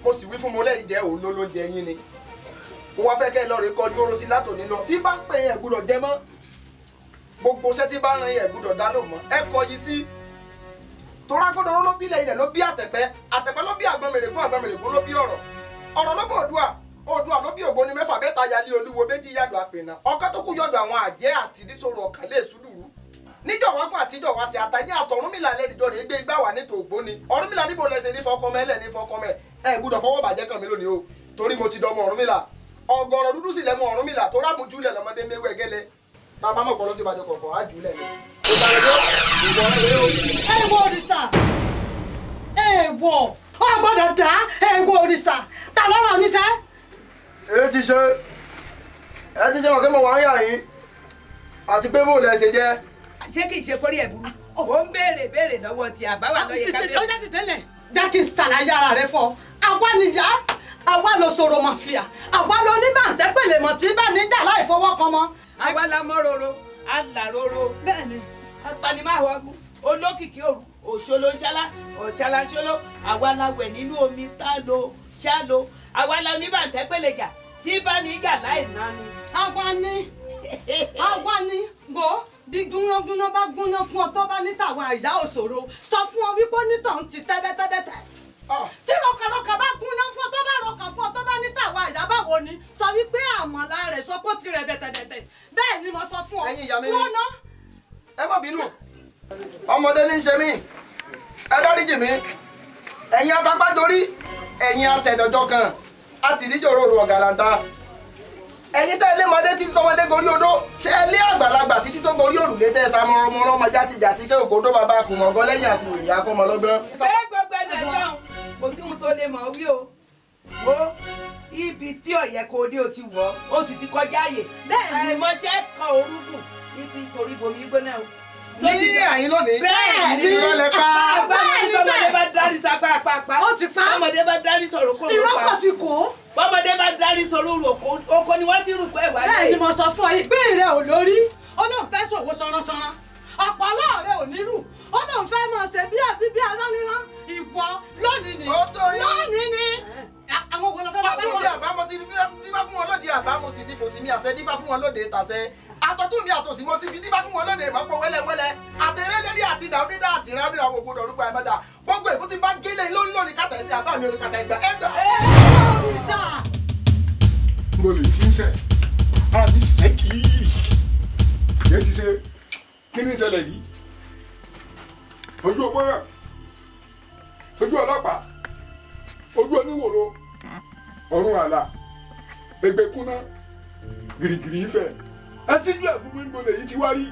Mo sì wí fún mo lẹ́yìn jẹ́ òun ló ló ń jẹ yín ni. Mo wá fẹ́ kẹ́ ẹ lọ rè kọjú oró sí látòní lọ. Tí bá ń pè yẹn gbúdọ̀ jẹ mọ́. Gbogbo iṣẹ́ tí bá ń ran yẹn gbúdọ̀ dá lò mọ́. Ẹ kọ yìí sí. Si Tora bi torágbódoró ló bí ilẹ̀ ilẹ̀ ló bí àtẹ̀pẹ́ àtẹ̀pẹ́ ló bí àgbọnmèrègún àgbọnmèrègún ló bí ọ̀rọ̀ ọ̀rọ̀ ló bó òdua òdua ló bí ògbóni mẹ́fà mẹ́ta yalé olúwo méjì yàdọ̀ àpènà ọkọ́ tó kú yọ̀dọ̀ àwọn àjẹ́ àti dísòrò ọ̀kàn lè sùdùrú níjọ wákùn àtijọ́ wá sí àtàyé àtọ̀rúnmìlà lẹ́dìjọ́ rẹ̀ gbé igbá wà nítorí ògbóni ọ̀rúnmìlà níbo lẹ́sẹ̀ ní fọkọmẹ́ lẹ́ ní fọkọmẹ́ ẹ gbúdọ̀ fọwọ́ bàjẹ́ kàn mí lónìí o torí mo ti dọmọ ọ̀rúnmìlà ọgọ́rọ̀ dúdú sì lẹ́mọ ọ̀rúnmìlà tó rámùjú lẹ̀ lọ́mọdé mẹ́wẹ́gẹ́lẹ́ bàbá mọ̀pọ̀ lọ́jọ́ bàjẹ́ kọ̀ọ̀kan á jù lẹ̀ ni èèwọ̀ òrìṣà èèwọ̀ ọ gbọ́dọ̀ dá èèwọ̀ òrìṣà ta lọ́rọ̀ níṣẹ́. èyí ti ṣe ẹ ti ṣe ọ̀kẹ́ mọ̀ wá ń yà yín àti pé bóòlù ẹ ṣe jẹ́. ṣé kì í ṣe kórìí ẹ̀ burú ó ń béèrè béèrè lọ́wọ́ ti àbáwá lọ́yẹ kábíyèsí. ó jáde tẹ́lẹ̀ jákè ṣàlàyé ara rẹ fọ àwa nìyá àwa ló sọ̀rọ̀ màfíà àwa ló ní bàǹtẹ́ pèlè mọ̀ tí bá ní dà láì fọwọ́ kan mọ́. àwa la mọ́ roro a là roro. bẹ́ẹ̀ ni apanimáwọ̀gùn olókìkí òru òṣòlò ṣálá ọ̀ṣálá ṣóló àwa la wẹ̀ nínú omi tá lo ṣá lo àwa la oníbàǹtẹ́ pèlèjà tí bá ní ìjà láì nánu. àwa ni àwa ni bò bí gúnnágúnná bá gúnná fún ọ tó bá ní tàwa ìyá òṣòro sọ fún ọ wípé onítàn ti tẹ́bẹ́tẹ́bẹ́tẹ́ tí rọkàrọkà bá gúnná fún ọ tó bá rọkà fún ọ tó bá ní tàwa ìyá báwo ni sọ wípé àmọ̀lá rẹ̀ sọ pé ó ti rẹ̀ bẹ̀tẹ̀bẹ̀tẹ̀ bẹ́ẹ̀ ni mo sọ fún ọ kúrò náà ẹ má bínú ọmọdé ní í ṣe mí ẹ dáríjì mí ẹ̀yin atapátorí ẹ̀yin atẹ̀dọ̀jọ kan àti ìdíjòrò òru ọ̀gàlàǹta ẹ̀yin tẹ́ ilé mọdé títí tọmọdé gorí odó tẹ́ ilé àgbàlagbà títí tó gorí òrùlé tẹ́ samọrọmọrọ ọmọ játijàti kí òkò tó bàbá kù mọ̀gán lẹ́yìn àsìkò ìrìn akọ́mọ lọ́gbọ́n. ṣé gbogbo ẹni ẹ̀sán kò sí ohun tó lè mọ̀ wí o wo ibi tí ọ̀yẹ́ o ti wọ̀ ó sì ti kọjá àyè bẹ́ẹ̀ ni mo ṣe kọ orúkún kí fi torí bomi gbóná o. ní àyín lónìí bẹ́ẹ̀ ni irọ́ lẹ pa. bẹ́ẹ̀ ni sẹ́ ọmọdé bá dárí sapá àpapà. ó ti pa ọmọdé bá dárí sọ̀rọ̀ kó ló pa. ìrọ́kọ̀ ti kó. bọ́mọdé bá dárí sọ̀rọ̀ oko oko ni wọ́n ti rù pé wà lẹ́yìn. bẹ́ẹ̀ ni mo sọ fún ọ ìgbín rẹ ò lórí olóòfẹ́ sòwò sanransanran ọ̀pọ̀ ọlọ́ọ̀rẹ́ ò nírù olóòfẹ́ mọ̀ ṣe bí àbí bí alọ́nirán ìwọ lónìí ni lónìí ni àwọn ògbólọ́fẹ́ bá bá wọn. ọdún di àbámọ̀ ti di bá fún wọn lóde àbámọ̀ sì ti fòsí mi àṣẹ di bá fún wọn lóde tàṣẹ àtọ̀tún ni àtòsí mo ti fi dífá fún wọn lóde ìmọ̀pọ̀ wẹ́lẹ́wẹ́lẹ́ àtẹ̀rẹ́ lérí àti ìdá onídá àti ìran onídá owó gbọdọ̀ orúkọ ẹ̀mẹ́ta gbogbo èkó ti bá ń gélé lórí lórí kásá ẹ̀sìn àbá mi olùkásá ẹ̀gbà ẹ̀dọ̀ ẹ̀. mo lè fi ń sẹ́ ara mi sì sẹ́ kìí yẹ ti ṣe kí ni ìṣẹ̀lẹ̀ yìí ojú ọgbọ́n rẹ̀ ojú ọlọ́pàá ojú oníwòrò ọ̀run àlà egbèkúná gìrìgìrì ìfẹ́ ẹsíjú ẹ̀fúnmi ń bolè yìí ti wá rí.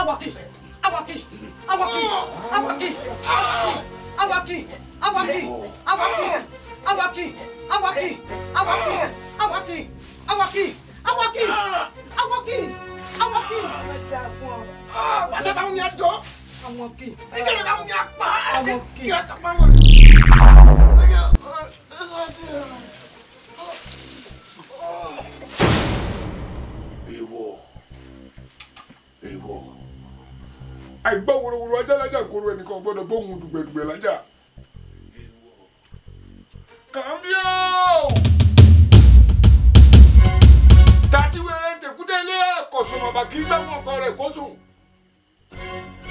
awaki awaki awaki awaki awaki awaki awaki awaki awaki awaki awaki awaki awaki awaki awaki. wàṣẹ bá wọn yà dọ. awaki. ìjọba bá wọn yà pa. awaki. kí ọ̀tọ̀ pa wọn. Oh. ìlú ọmọ àìgbọ́ wòrowòro ajá lájà kóró ẹnìkan gbọ́dọ̀ bóun dùgbẹ̀dùgbẹ̀ lájà. kàmbíò tàdíwẹ̀rẹ̀ tẹ̀kútẹ́lẹ̀ kọ̀sùn ọ̀bà kì í gbàgbọ́n ọkọ rẹ̀ kó sùn.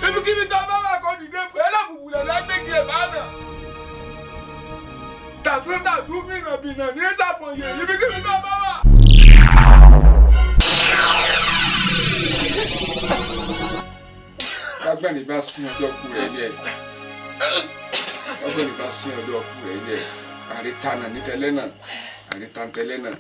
ibikíbi tó bá wà kọ́ dìde fún ẹlẹ́bùbù lẹ́lẹ́ gbẹ̀gì ẹ̀ lánà. tàtún tàtún bìnàbìnà ní sàfọ̀yẹ̀ ibikíbi tó bá wà lágbàní bá sún ọjọ́ kú rẹ̀ yẹ lágbàní bá sún ọjọ́ kú rẹ̀ yẹ àrítànà nítẹ̀lẹ́ náà àrítàntẹ̀lẹ́ náà.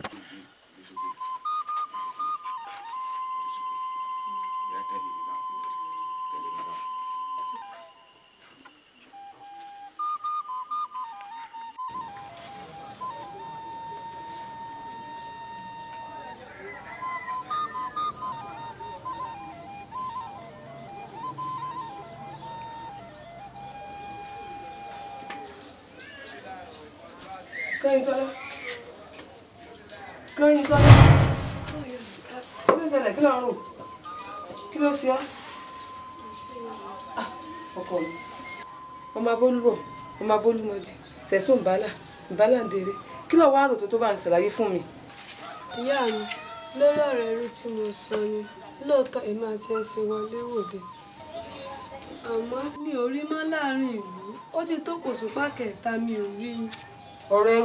ma bólúmọdì sẹ̀sùn bàálà ìbálàndèrè kí ló wá rò tó tó bá ń ṣàlàyé fún mi. ìyá mi lórí ọ̀rọ̀ ẹrú tí mo sọ ni lóòótọ́ èmi àti ẹsẹ̀ wọlé wòde àmọ́ mi ò rí mọ́ láàrin ìlú ó ti tó kẹta mi ò rí i. ọ̀rọ̀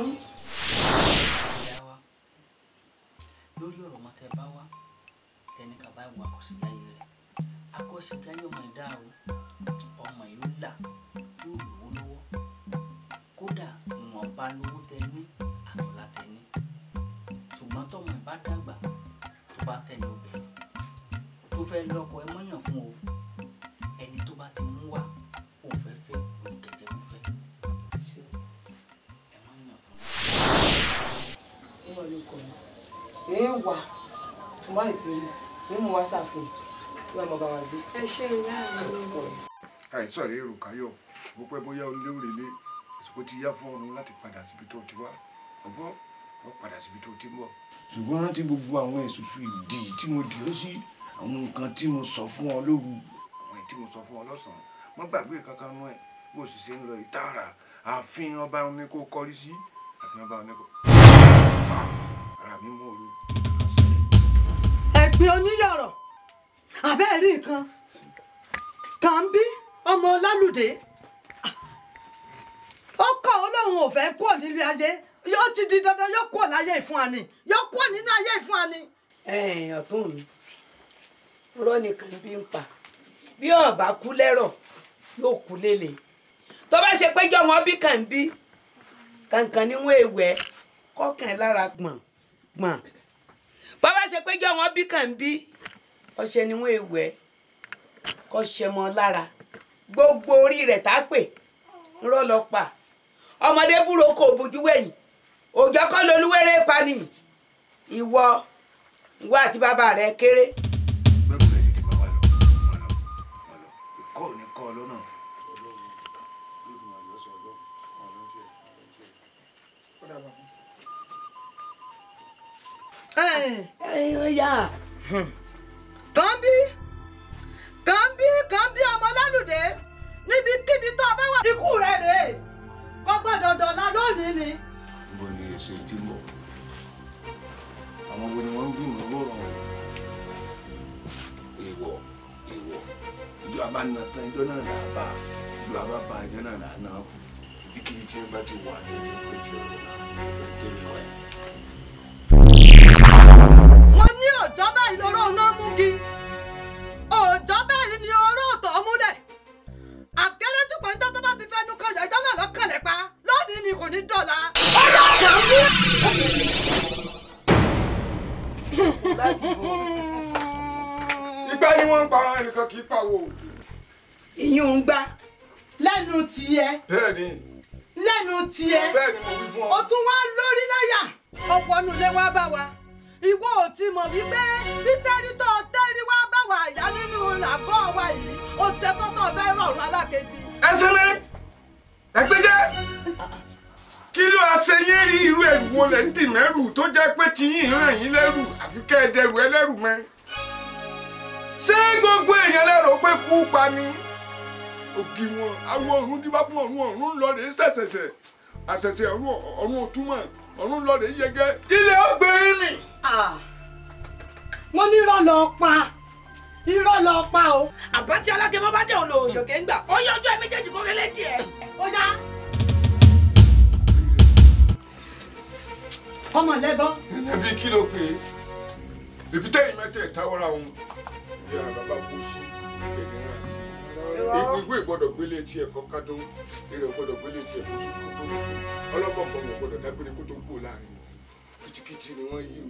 kódà ìwọ̀nba lówó tẹ ní àtọ̀là tẹ ní ṣùgbọ́n tọmọ ẹ bá dàgbà tó bá tẹ̀lé obìnrin tó fẹ́ lọ́kọ ẹ mọ̀yàn fún o ẹni tó bá ti mú wá ò fẹ́ fẹ́ olùkẹ́jẹ́ ló fẹ́ ẹ mọ̀yàn fún un. wọ́n ló kọ́ mi ẹ wà tó má ti rí mi mú wá ṣàfihàn kí wọ́n bá wa gbé. ẹ ṣe ìyá mi. àìsàn rèé rò káyọ̀ bó pẹ́ bóyá olóore lé o ti yá fún ọ̀run láti padà síbi tó ti wá ọgbọ́n wọ́n padà síbi tó ti ń bọ̀. ṣùgbọ́n rántí gbogbo àwọn èsùsù ìdí tí mo dì ó sí àwọn nǹkan tí mo sọ fún ọ lóru àwọn tí mo sọ fún ọ lọ́sàn-án wọ́n gbàgbé kankan nú ẹ̀ bó sì ṣe ń lọ ìtara ààfin ọba omi kò kọrí sí ààfin ọba omi kò. ara mi mú ooru. ẹ̀pin oníyọ̀rọ̀ àbẹ́ẹ̀rí nǹkan kàn ọmọ lálùdé ó kọ́ olóhùn ò fẹ́ kúrò nílé ayé yóò ti di dandan yóò kúrò láyé ìfún ani yóò kúrò nínú ayé ìfún ani. ọ̀tún mi rọ́ nìkan bí ń pa bí ọba kú lẹ́rọ̀ yóò kú lélẹ̀ tó bá ṣe péjọ wọn bí kàn bí kankan níwọ̀n èèwẹ̀ kọ́kàn lára gbọ̀n gbọ̀n bó bá ṣe péjọ wọn bí kàn bí ọṣẹ níwọ̀n èèwẹ̀ kọ́ ṣẹmọ lára gbogbo orí rẹ̀ tá a pè ńrọ́ lọ pa ọmọdé búroko òbójú wẹ̀yìn òjò kọ́ lolúwẹ̀rẹ̀ pani ìwọ ìwọ àti bàbá rẹ kéré. kànbí kànbí kànbí ọmọ lálùdé níbikíbi tó o bá wà ikú rẹ rèé kọ́ gbọ́dọ̀ dọ̀la lónìí ni. bó ni èsì ti mọ̀ àwọn wo ni wọ́n ń gbìmọ̀ lọ́rọ̀ èèwọ̀ èèwọ̀ ìjọ àbá nà tán ìjọ náà là bá ìjọ àbá bá ìjọ náà là nà kù ibikíbi tí wọ́n bá ti wà ní ìjọ pé ti ọ̀rọ̀ náà ló fẹ́ tẹ̀lé wáyé. wọ́n ní ọ̀jọ́ báyìí lọ́rọ̀ náà mú kí ọ̀jọ́ báyìí ni ọ̀rọ̀ ọ̀tọ̀ múlẹ̀ àkẹ́rẹ́ ń tọ́tọ́ fẹnu kọjá ẹjọ́ náà lọ́kànlẹ̀ pa lónìí ni kò ní dọ̀la. ọjọ́ ọ̀sẹ̀ ń bí. ìgbà ni wọ́n ń pa ẹnìkan kì í pawó. ìyún ń gbá lẹ́nu tiẹ̀. bẹ́ẹ̀ni. lẹ́nu tiẹ̀. bẹ́ẹ̀ni mo wí fún ọ. o tún wá lórí láyà. ọ̀pọ̀ nulẹ̀ wá bá wa ìwọ ò ti mọ̀ wípé títẹ́rì. wo lẹ̀ ń dì mẹ́rù tó jẹ́ pé tiyín ràn yín lẹ́rù àfi kẹ́ ẹ dẹrù ẹlẹ́rù mẹ́. ṣé gbogbo èèyàn lẹ́rọ pé kú pa ni ògì wọn awo ọ̀run díbá fún ọ̀run ọ̀run lọ rèé ṣẹ̀ṣẹ̀ṣẹ̀ àṣẹ̀ṣẹ̀ ọ̀run ọ̀run òtúmọ̀ ọ̀run lọ rèé yẹgẹ́ mi. wọ́n ní irọ́ lọ pa irọ́ lọ pa o. àbátí alágẹmọ bá dẹ̀ òun lò òṣòkè ń gbà ó yọjú ẹ méjèèjì kó kélé díẹ̀. ó yá. ọmọ lẹ́bọ́. ìyẹn bíi kí ló pé ibi tẹ́yìn mẹ́tẹ̀ẹ̀ta wọ́ra wọn. ìyá bàbá kò ṣe ìgbẹ́ni náà ìgbìgbò ìgbọ́dọ̀ gbélé tí ẹ̀kọ́ kádó ìrẹ̀ ìgbọ́dọ̀ gbélé tí ẹ̀kọ́ sókè tó lù fún ọlọ́pàá kan wọn gbọ́dọ̀ dágbére kó tó kú láàrin kìtìkìtì ni wọ́n yí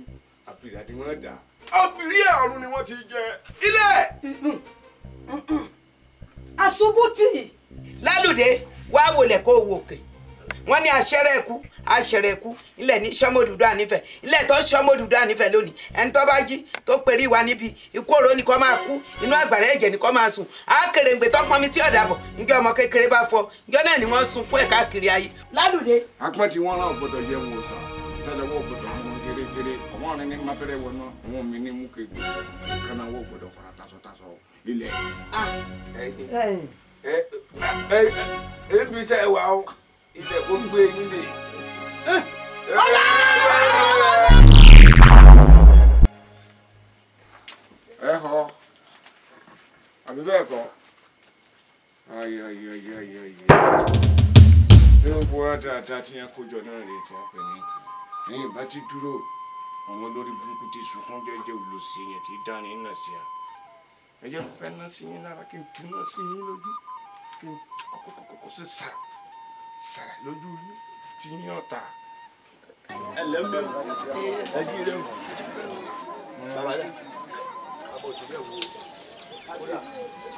àbìrà ni wọ́n dà obìnrin àrùn ni wọ́n ti jẹ ilé. àṣubú tì. lálùdé wàá wọlé kó wò kè wọ́n ní aṣẹ́rẹ́ ẹ̀kú aṣẹ́rẹ́ ẹ̀kú ilẹ̀ ní sọ́mọ Odùduwà nífẹ̀ẹ́ ilẹ̀ tó sọ́mọ Odùduwà nífẹ̀ẹ́ lónìí ẹni tó bá jí tó perí wa níbi ikú oró ni kó máa kú inú àgbàrá ẹ̀jẹ̀ ni kó máa sùn àkèrèǹgbè tó pọnmi tí ọ̀dà bọ̀ ǹjẹ́ ọmọ kékeré bá fọ ǹjọ́ náà ni wọ́n sun fún ẹ̀ káàkiri ayé. lálùdé. apẹ́ tí wọ́n rán ọ̀gbọ́dọ̀ jẹ́ wọn sọ tẹ́lẹ̀wọ́ ọ̀gbọ́dọ̀ mú kérékéré ọmọ rẹ ní mapẹ́rẹ́ wọnú àwọn mi ní mú kéègbè sọ kánáwó ọ̀gbọ́dọ̀ fara tasọ́tasọ́ lílẹ̀. ẹ ẹ ẹ ẹ ibi tẹ́ ẹ wà ilẹ̀ kó ń gbé yín lè. ẹ họ àbí bẹ́ẹ̀ kọ́ ṣé gbogbo wa dáadáa tí yẹn kó náà lè tún ọpẹ ní ẹ̀yìn bá ti dúró àwọn olórí burúkú ti sunkún jẹjẹ olùsí yẹn ti dání náà sí a ẹ jẹ́ fẹ́ náà sí yín lára kí n tún náà sí yín lójú kí n kọ́kọ́kọ́kọ́ sí sáà sàrà lójú ti yàn ta. ẹ lẹ́ mbẹ́ o ẹ jí rẹ o bàbá rẹ àbọ̀ òtún bẹ́ẹ̀ wo kódà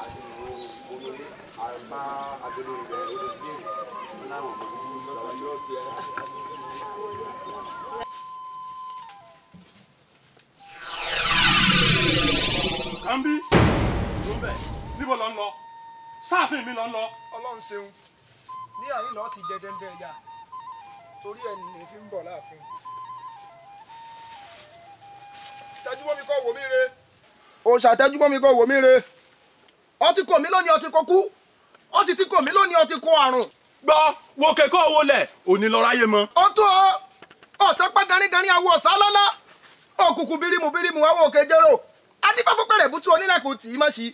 àti ìwò olórí àgbà àgbélé rẹ̀ olóyè láwọn òbí bàbá yóò ti ẹ̀ kambi níbo lọ ń lọ sáàfin mi lọ ń lọ. ọlọ́run ṣeun ní àyín lọ́ọ́ ti jẹ dẹ́ndẹ́ ẹ̀yà torí ẹ̀ ní fi ń bọ̀ láàfin. tẹjúmọ́ mi kọ́ wò mí re. òòṣà tẹjúmọ́ mi kọ́ wò mí re. ó ti kò mí lónìí ó ti kó kú ó sì ti kò mí lónìí ó ti kó àrùn. gbọ́ wo kẹ́kọ̀ọ́ owó lẹ̀ òní lọ́ra yé mọ́. ó tó ọ̀sán pẹ́ darídarín àwọ̀ ọ̀sán lọ́lá òkùnkùn bírímù bírímù àwọn òkè jẹ́rò adífáfó pẹ̀rẹ̀ bùtú onílẹ̀kùn tì í mọ̀ sí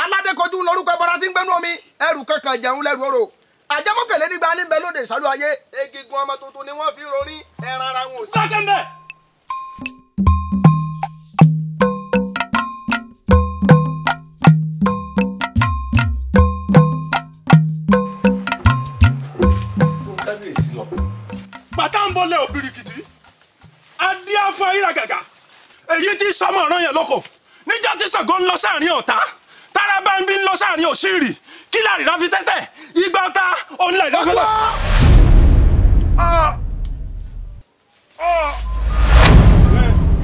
aládé kojú lórúkọ ẹbọra tí ń gbẹ́nu omi ẹrù kankan jẹun lẹ́rù ọ̀rọ̀ àjẹmọ́kẹ̀lẹ́ nígbà ní bẹ́ẹ̀ lóde ìsálú ayé egungun ọmọ tuntun ni wọ́n fi rorí ẹran ara wọn ò sí. bàtà ń bọ́lẹ̀ òbirikìtì adé afọ èyí tí sọmọ ọ̀ràn yẹn lóko níjà tí Ṣàngó ń lọ sáàrin ọ̀tá bá ń bí ń lọ sáàrin òṣìrì kí làrìrá fi tẹ́tẹ̀ igbá ọ̀tá onílẹ̀ ìdọ́gbẹ́lá.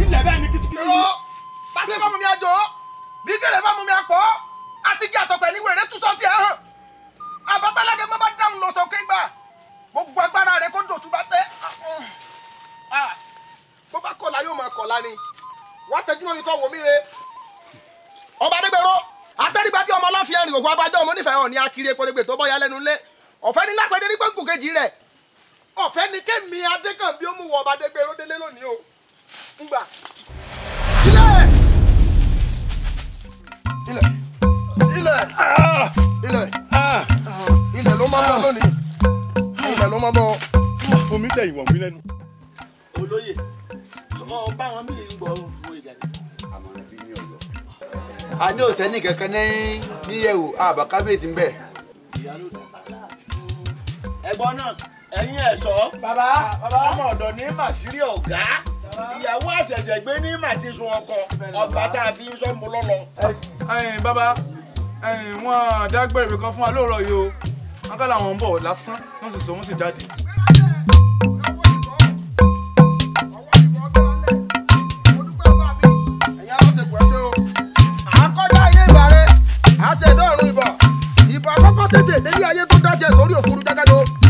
ilẹ̀ bẹ́ẹ̀ ni kìtìkìtì. èrò pàṣẹ fáwọn mi àjò bí gèrè fáwọn mi àpọ̀ àti kí àtọ̀pẹ̀ ní wèrè tún sọ́ọ̀tì ẹ̀ hàn má bá dáhùn lọ sókè gbà gbogbo agbára rẹ kó dòtú bá tẹ ah! ah! bó bá kọ̀ọ̀la yóò máa kọ̀ọ̀la ni wàá tẹjú mọ́ mi kọ́ wò mí re ọba adégbèrò atẹ́rìgbájú ọmọ ọlọ́fin ẹ̀rìn ògùn abájọ́ ọmọ onífẹ̀ẹ́ hàn ní akiri eporegbe tó bọ́ ya lẹ́nu lé ọ̀fẹ́ ní lápẹ́dé ní gbẹ́ngùn kejì rẹ̀ ọ̀fẹ́ ní kémi adékànbí ó mú wọ ọba adégbé ródélé lónìí o ngbà. ilẹ̀ ilẹ̀ ilẹ̀ ilẹ̀ ilẹ̀ ló máa bọ̀ lónìí ilẹ̀ ló máa bọ̀. omi tẹ ìwọ̀n mi lẹ́nu. olóyè ọmọ báwọn mí-ín gbọ́ a ní òsẹ́ni kankan ní níyẹ̀wò àbá kábíyèsí ń bẹ̀. ẹ̀gbọ́n náà ẹ̀yin ẹ̀ṣọ́ bàbá ọmọ ọ̀dọ̀ ní màsírí ọ̀gá ìyàwó àṣẹ̀ṣẹ̀ gbé ní màtísun ọkọ ọba tá a fi ń sọ mú lọ́lọ. ẹ̀yin bàbá ẹ̀yin wọn dágbére kan fún wa lóòrọ̀ yìí o wọn kọ́ làwọn ń bọ̀ lásán wọn sì sọ wọn sì jáde. ayé tó dáṣẹ sórí òfurufú jágàdo.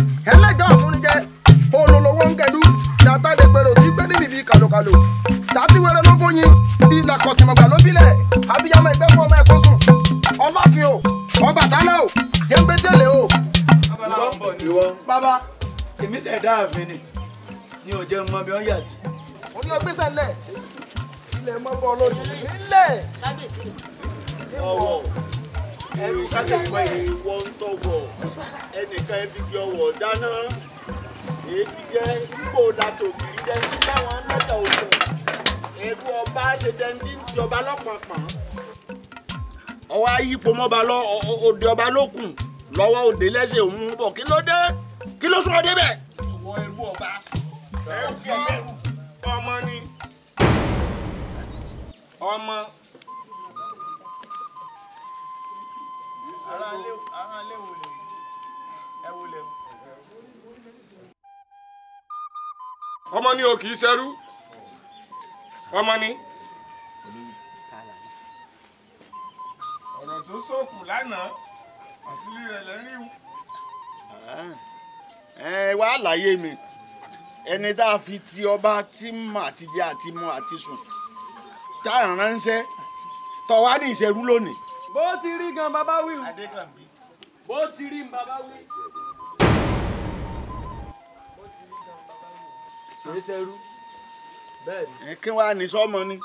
po mọ́ba lọ òde ọba lókun lọ́wọ́ òde lẹ́sẹ̀ òun bọ̀ kí ló dé kí ló sún ọ débẹ̀. ẹrú ọba ẹrú ti ẹlẹ́rú ọmọ ni ọmọ. ọmọ ni o kì í ṣẹrú ọmọ ni. tó sóòkù lánàá àṣírí rẹ̀ lẹ́rìn o. Ah. ẹ wá láyé mi ẹni tá a fi ti ọba tí mà àti jẹ àti mu àti sùn tá à ń ránṣẹ́ tọ́ wá ní ìṣerú lónìí. bó ti rí gan bàbá wí o bó ti rí bàbá wí. ìṣerú bẹ́ẹ̀ ni. kí wàá ní sọ́mọ ni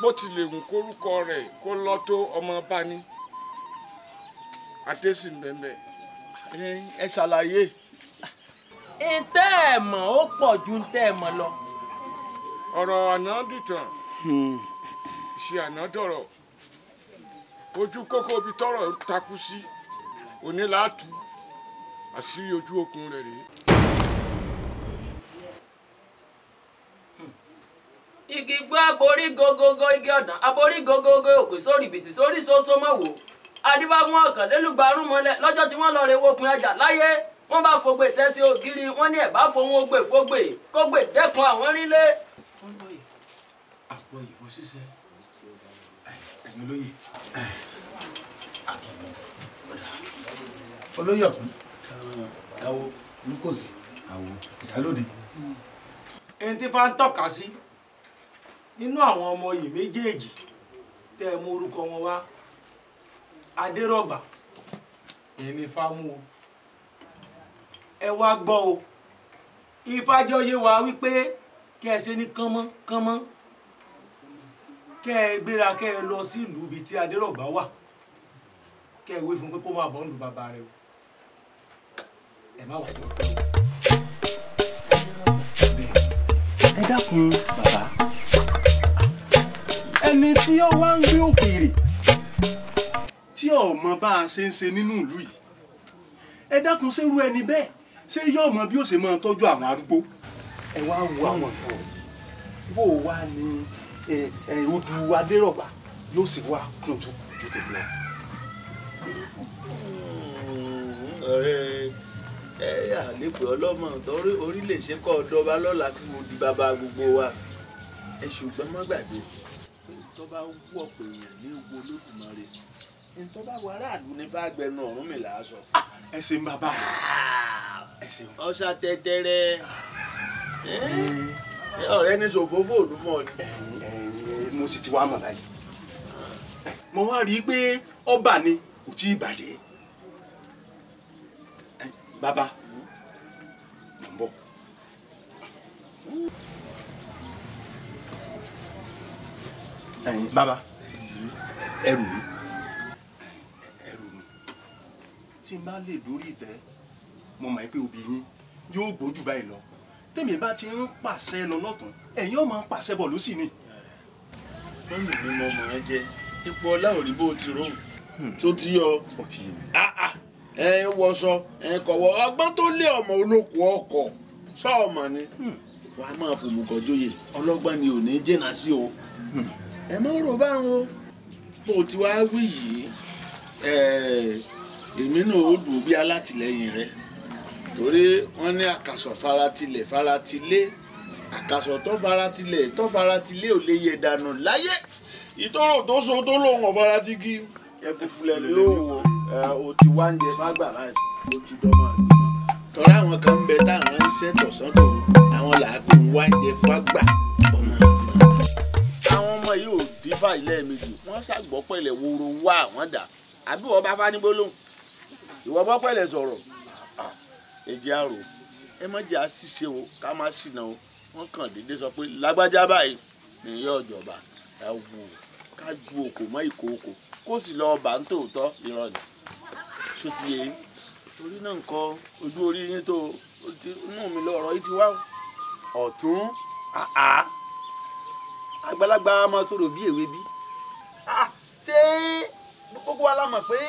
bó tilẹ̀ wù kórúkọ rẹ̀ kó lọ́tọ̀ ọmọ bá ní àtẹ́sí mbẹ́mbẹ́ ẹ ṣàlàyé. ntẹ́ ẹ̀ mọ̀ ó pọ̀ ju ntẹ́ ẹ̀ mọ̀ lọ. ọ̀rọ̀ àná dìtàn hmm. ṣe àná dọ̀rọ̀ ojú kókó ibi tọrọ ń takú sí òní láàtú àṣírí ojú okùn rẹ̀ rèé. igi gbọ́ aborí gogogo igi ọ̀dàn aborí gogogo òkè sórí bìtì sórí sóso mọ́ wò adíbá fún ọkàn lélùgbàrún mọ́lẹ̀ lọ́jọ́ tí wọ́n lọ rẹ wópin ọjà láyé wọ́n bá fògbè sẹ́sẹ́ ògiri wọ́n ní ẹ̀bá fòun ogbè fògbè kógbè dẹ́kun àwọn rílé. wọ́n lóye àpò òyìnbó ṣiṣẹ́ ẹ̀yin olóye olóyè ọ̀tún dáwó ní kò sí àwò ìyálòdì. ẹni tí fa ń tọ́ka sí nínú àwọn ọmọ yìí méjèèjì tẹ́ ẹ mú orúkọ wọn wá adérọ̀gbà èyí ni ifá mú o ẹ wá gbọ́ o ifá jẹ́ oyé wa wípé kẹ́ ẹ ṣe ní kánmọ́ kánmọ́ kẹ́ ẹ gbéra kẹ́ ẹ lọ sí ìlú ibi tí adérọ̀gbà wà kẹ́ ẹ wí fún pé kó máa bọ̀ ń lu bàbá rẹ o ẹ má wà jọ. ẹ dákun bàbá ẹni tí ó wá ń gbé òkèèrè tí ò mọ bá a ṣe ń ṣe nínú ìlú yìí ẹ dákun ṣerú ẹni bẹ́ẹ̀ ṣé yóò mọ bí ó ṣe máa tọ́jú àwọn arúgbó ẹ wá wo àwọn kan bó o wá ní odù adérọ̀bà yóò sì wá kùn ju ju tèmi lọ. ọ̀rẹ́ ẹ yà nípe ọlọ́mọ torí orílẹ̀ èṣẹ́ kọ́ ọ̀dọ́ba lọ́la kí mo di bàbá gbogbo wa ẹ ṣùgbọ́n má gbàgbé tó bá wọ̀ pé èèyàn ní ewu olódùmarè ntọ́ bá wọ aráàlú ní fàgbẹ́nu ọ̀run mi là á sọ. ẹ ṣeun bàbá ah! ẹ ṣeun. ọ̀sà tẹ́tẹ́rẹ́ ah. eh? ọ̀rẹ́ ní ṣòfófó òlú fún ọ ni. mo sì ti wá mọ̀ báyìí mo wá rí i pé ọba ni kò tí ì bàjẹ́ bàbá mò ń bọ̀. bàbá ẹrù mi. tí n bá lè dórí ìtẹ́ mo mọ̀ pé obì yín yóò gbójú báyìí lọ tèmi bá ti ń pàṣẹ lọ lọ́tún ẹ̀yin ọmọ ń pàṣẹ bọ̀ ló sì ni. mọ́mí mi mọ ọmọ yẹn jẹ ipò ọlá bó o ti rò tó hmm. ti yọ ah, ah. ẹ wọṣọ ẹ kọ̀wọ́ ọgbọ́n tó lé ọmọ olóko ọkọ̀ sọ́ọ̀mọ̀ ni hmm. wàá máa fòmùkọ̀ ọlọ́gbọ́n ni ò ní jìnnà sí o hmm. ẹ má rò báwọn o bó o ti wá wí yìí èmi náà ó dùn bí alátìlẹyìn rẹ torí wọn ní àkàsọ̀ faratilẹ̀ faratilé àkàsọ̀ tó faratilẹ̀ tó faratilé ò lè yẹ dànù láyé ìtòrò tó so tó lòun ọ̀faratigi ẹ̀fùfùlẹ̀ ló wò o ti wá ń jẹ fágbà láì ó ti dọ́mọ àgbà tọ́lá àwọn kan ń bẹ táwọn ń ṣe tọ̀sán-tò àwọn làágbé ń wá ń jẹ fágbà ọmọ àgbà. àwọn ọmọ yìí ò dífà ilé méjì wọ́n ṣàgbọ́pẹ̀lẹ̀ woro wá àwọn dà àbí wọ́n bá fá ní gbólóhùn ìwọ bá pẹ̀lẹ́ sọ̀rọ̀ ẹ̀jẹ̀ àrò ẹ má jẹ́ àṣìṣe o ká má ṣìnà o wọ́n kàn déédé sọ pé lágbájá báyìí ni yóò jọba ẹ wù ú ká ju òkò mọ́ ìkòkò kó sì lọ bá ń tòótọ́ irọ́ ni ṣó ti yé torí náà nǹkan ojú orí yín tó inú mi lọ́rọ̀ yìí ti wá ọ̀tún àá àgbàlagbà máa sọ̀rọ̀ bí èwe bí ṣé gbogbo wa la mọ̀ pé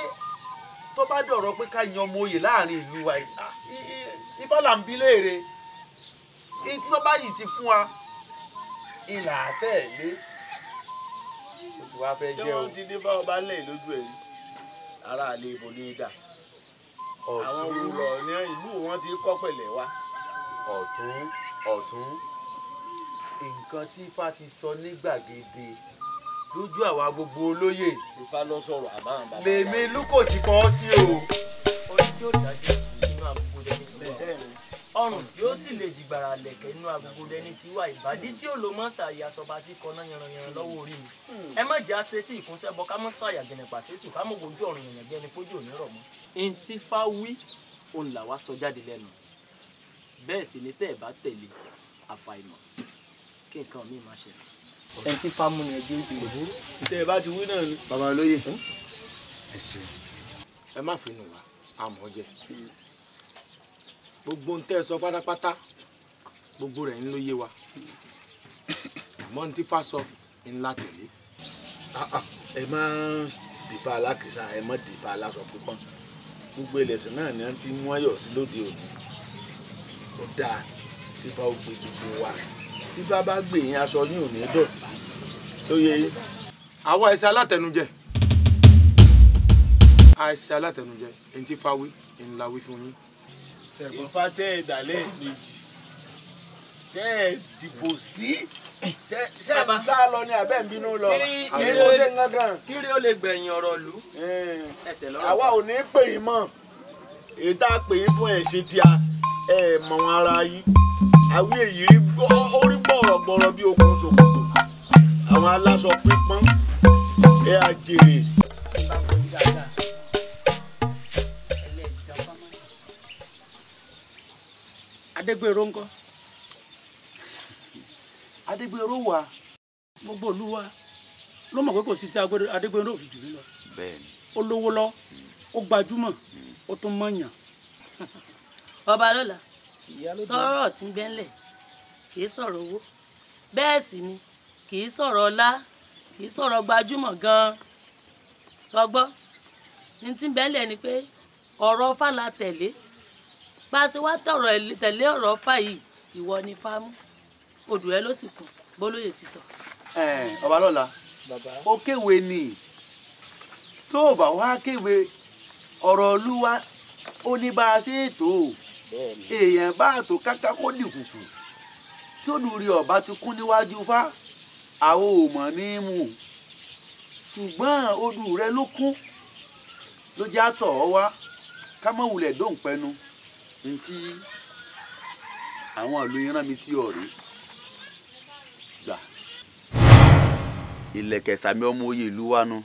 tó bá dọ̀rọ̀ pé ká yan ọmọ oyè láàrin ìlú wa ah, ifá là ń bi léèrè tí bàbá yìí ti fún wa ìlà àtẹ̀lé o sì wá fẹ́ jẹ́ o. ṣé wọ́n ti ní bá ọba lẹ́yìn lójú ẹ̀rí ara àlè ìbò ní í dà àwọn olùrọ̀ ní ìlú wọn ti kọ́ pẹ̀lẹ́ wa. ọ̀tún ọ̀tún nǹkan tí ifá ti sọ ní gbàgede lójú àwa gbogbo olóyè Ifá lọ sọ̀rọ̀ àbá àwọn bàbá lèmi lúkòsí kan sí o. orí tí ó dájú nínú agogo dẹni ti wà ọrùn tí ó sì lè jìgbàrà lẹ̀kẹ̀ nínú agogo dẹni ti wà ìbàdí tí ó lo mọ́sà ìyàsọba tí kọ́ná yanranyanran lọ́wọ́ orí mi ẹ má jẹ́ àṣẹ tí ìkúnṣẹ́bọ ká mọ́ sàyà gẹ̀nẹ̀pà sẹ́sù ká mọ̀ wojú ọ̀run yànyàn bí ẹni pójú òní rọ̀ mọ́. ntí wí òun làwa sọ jáde lẹ́nu bẹ́ẹ̀ sì ni tẹ́ ẹ̀ bá tẹ̀lé àfàìmọ̀ kí nǹkan míì má ṣẹlẹ̀ ẹni tí fámù ni ẹjọ́ ìdìbò. tẹ ẹ bá ti wí náà ni. bàbá olóye ẹ ṣeun ẹ má fi nù wá àmọ́ jẹ gbogbo ń tẹ́ ẹ sọ pátápátá gbogbo rẹ̀ ń ló yé wa àmọ́ ní tífà sọ ńlá tẹ̀lé. Ah, ah, ẹ má dìfà alákìsà ẹ má dìfà aláṣọ púpọ̀ gbogbo ẹlẹ́sìn náà ni wọ́n ti mú ayọ̀ sí lóde òní ó dáa tífà ó gbé gbogbo wa rẹ̀ tífá bá gbè yín aṣọ yín ò ní dọ̀tí tó yẹ yín. àwa ẹ̀sẹ̀ alátẹnujẹ àìsẹ̀ alátẹnujẹ èyí tí fáwí èyí la fún yín. ìfá tẹ ẹ dàlẹ́ méjì tẹ ẹ dìbò sí ṣé ẹ sá lọ ni abẹ́ ń bínú lọ kí ló dé gángan. kiri ó lè gbẹ̀yìn ọ̀rọ̀ lù. àwa ò ní pè yín mọ́ èyí tá a pè yín fún ẹ̀ ṣe tí ẹ̀ mọ̀ wọn ara yín àwí èyí rí orí ọgbọrọ bí okùn ṣòkòtò àwọn aláṣọ pípọ́n ẹ àjèrè. adégbèrò ńkọ́ adégbèrò wà gbogbo ìlú wa ló mọ̀ pé kò sí ti adégbèrò òfin jù mí lọ ó lówó lọ ó gbajúmọ̀ ó tún mọ̀yàn. Hmm. ọba lọ́la sọ̀rọ̀ tí ń bẹ́ńlẹ̀ kì í sọ̀rọ̀ owó bẹ́ẹ̀ sì ni kì í sọ̀rọ̀ ọlá kì í sọ̀rọ̀ gbajúmọ̀ gan-an sọgbọ́n ní tí bẹ́ẹ̀lẹ̀ ni pé ọ̀rọ̀ Ifá la tẹ̀lé bá a ṣe wá tọ̀rọ̀ tẹ̀lé ọ̀rọ̀ Ifá yìí ìwọ ni Ifá mú odù ẹ ló sì kù bólóyè ti sọ. ọba lọ́la ó kéwe ni tó o bá wá kéwe ọ̀rọ̀ Olúwa ó ní bá a ṣe ètò èèyàn bá a tó káká kó dìkùkù tí olùrí ọba ti kún níwájú fá àwọn ò mọ̀ ní í mu ṣùgbọ́n odù rẹ ló kún ló jẹ́ àtọ̀ ọ wá ká mọ̀ wulẹ̀ dóhùn pẹnu ní ti àwọn ìlú yẹn rán mi sí ọ̀rẹ́ gbà. ìlẹ̀kẹ̀ sàmì ọmọ oyè ìlú wa nu.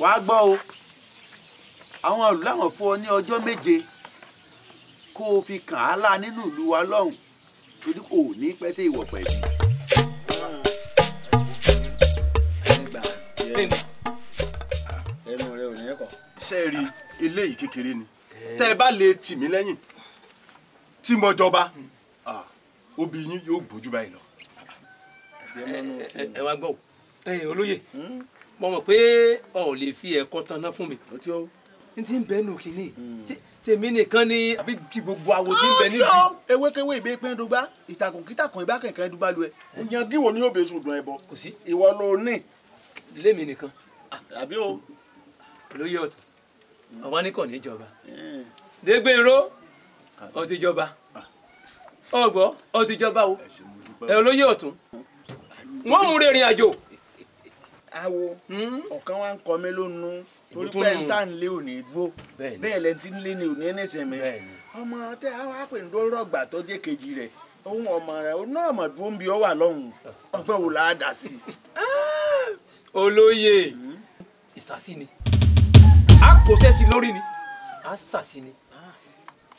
wàá gbọ́ o àwọn ìlú làwọn fún ọ ní ọjọ́ méje kó o fi kàn án lá nínú ìlú wa lọ́hùn torí kò ní pẹ́ tẹ ìwọ̀ pẹ̀lú. Ah, ẹnu rẹ ò ní ẹ̀kọ́. iṣẹ́ rí eléyìí kékeré ni eh. tẹ́ ẹ bá lè tì mí lẹ́yìn tí mo jọba hmm. ah, obì yín yóò gbójú báyìí lọ. Eh, eh, ẹ wá gbọ́ olóyè hmm? mo mọ̀ pé o ò lè fi ẹ̀kọ́ tanná fún mi. n ti ń bẹ́ẹ̀ nù kínní hmm tèmi nìkan ni àbí ti gbogbo àwò tí ń bẹ níbi. ewékewé ìbé pín dùgbà ìtàkùn kítàkùn ìbá kẹ̀kẹ́ dùgbà lu ẹ. yangi wo ni yóò bẹ sùdùn ẹ bọ. kò sí. ìwọ ló ní. lémi nìkan. àbí o. olóyè ọ̀tọ̀ àwọn anìkàn níjọba. dégbèrò ọtìjọba ọgbọ ọtìjọba o ẹ olóyè ọ̀tún wọn mú rìnrìn àjò. awo hmm? ọ̀kan wa ń kọ mi lónìí torí pé n tá n lé òní dúró bẹ́ẹ̀ lẹ́ni tí ń lé ní òní ẹnẹ́sẹ̀mẹ́ ọmọ tẹ àwọn apèndó rọgbà tó jẹ́ kejì rẹ̀ òun ọmọ rẹ̀ òun náà mọ̀ dúró ń bi ọ wà lọ́hùn ọgbẹ́ wò láà dà sí. olóye hmm? ìsàsí ni a kò sẹ́sí lórí ni a sàsí ni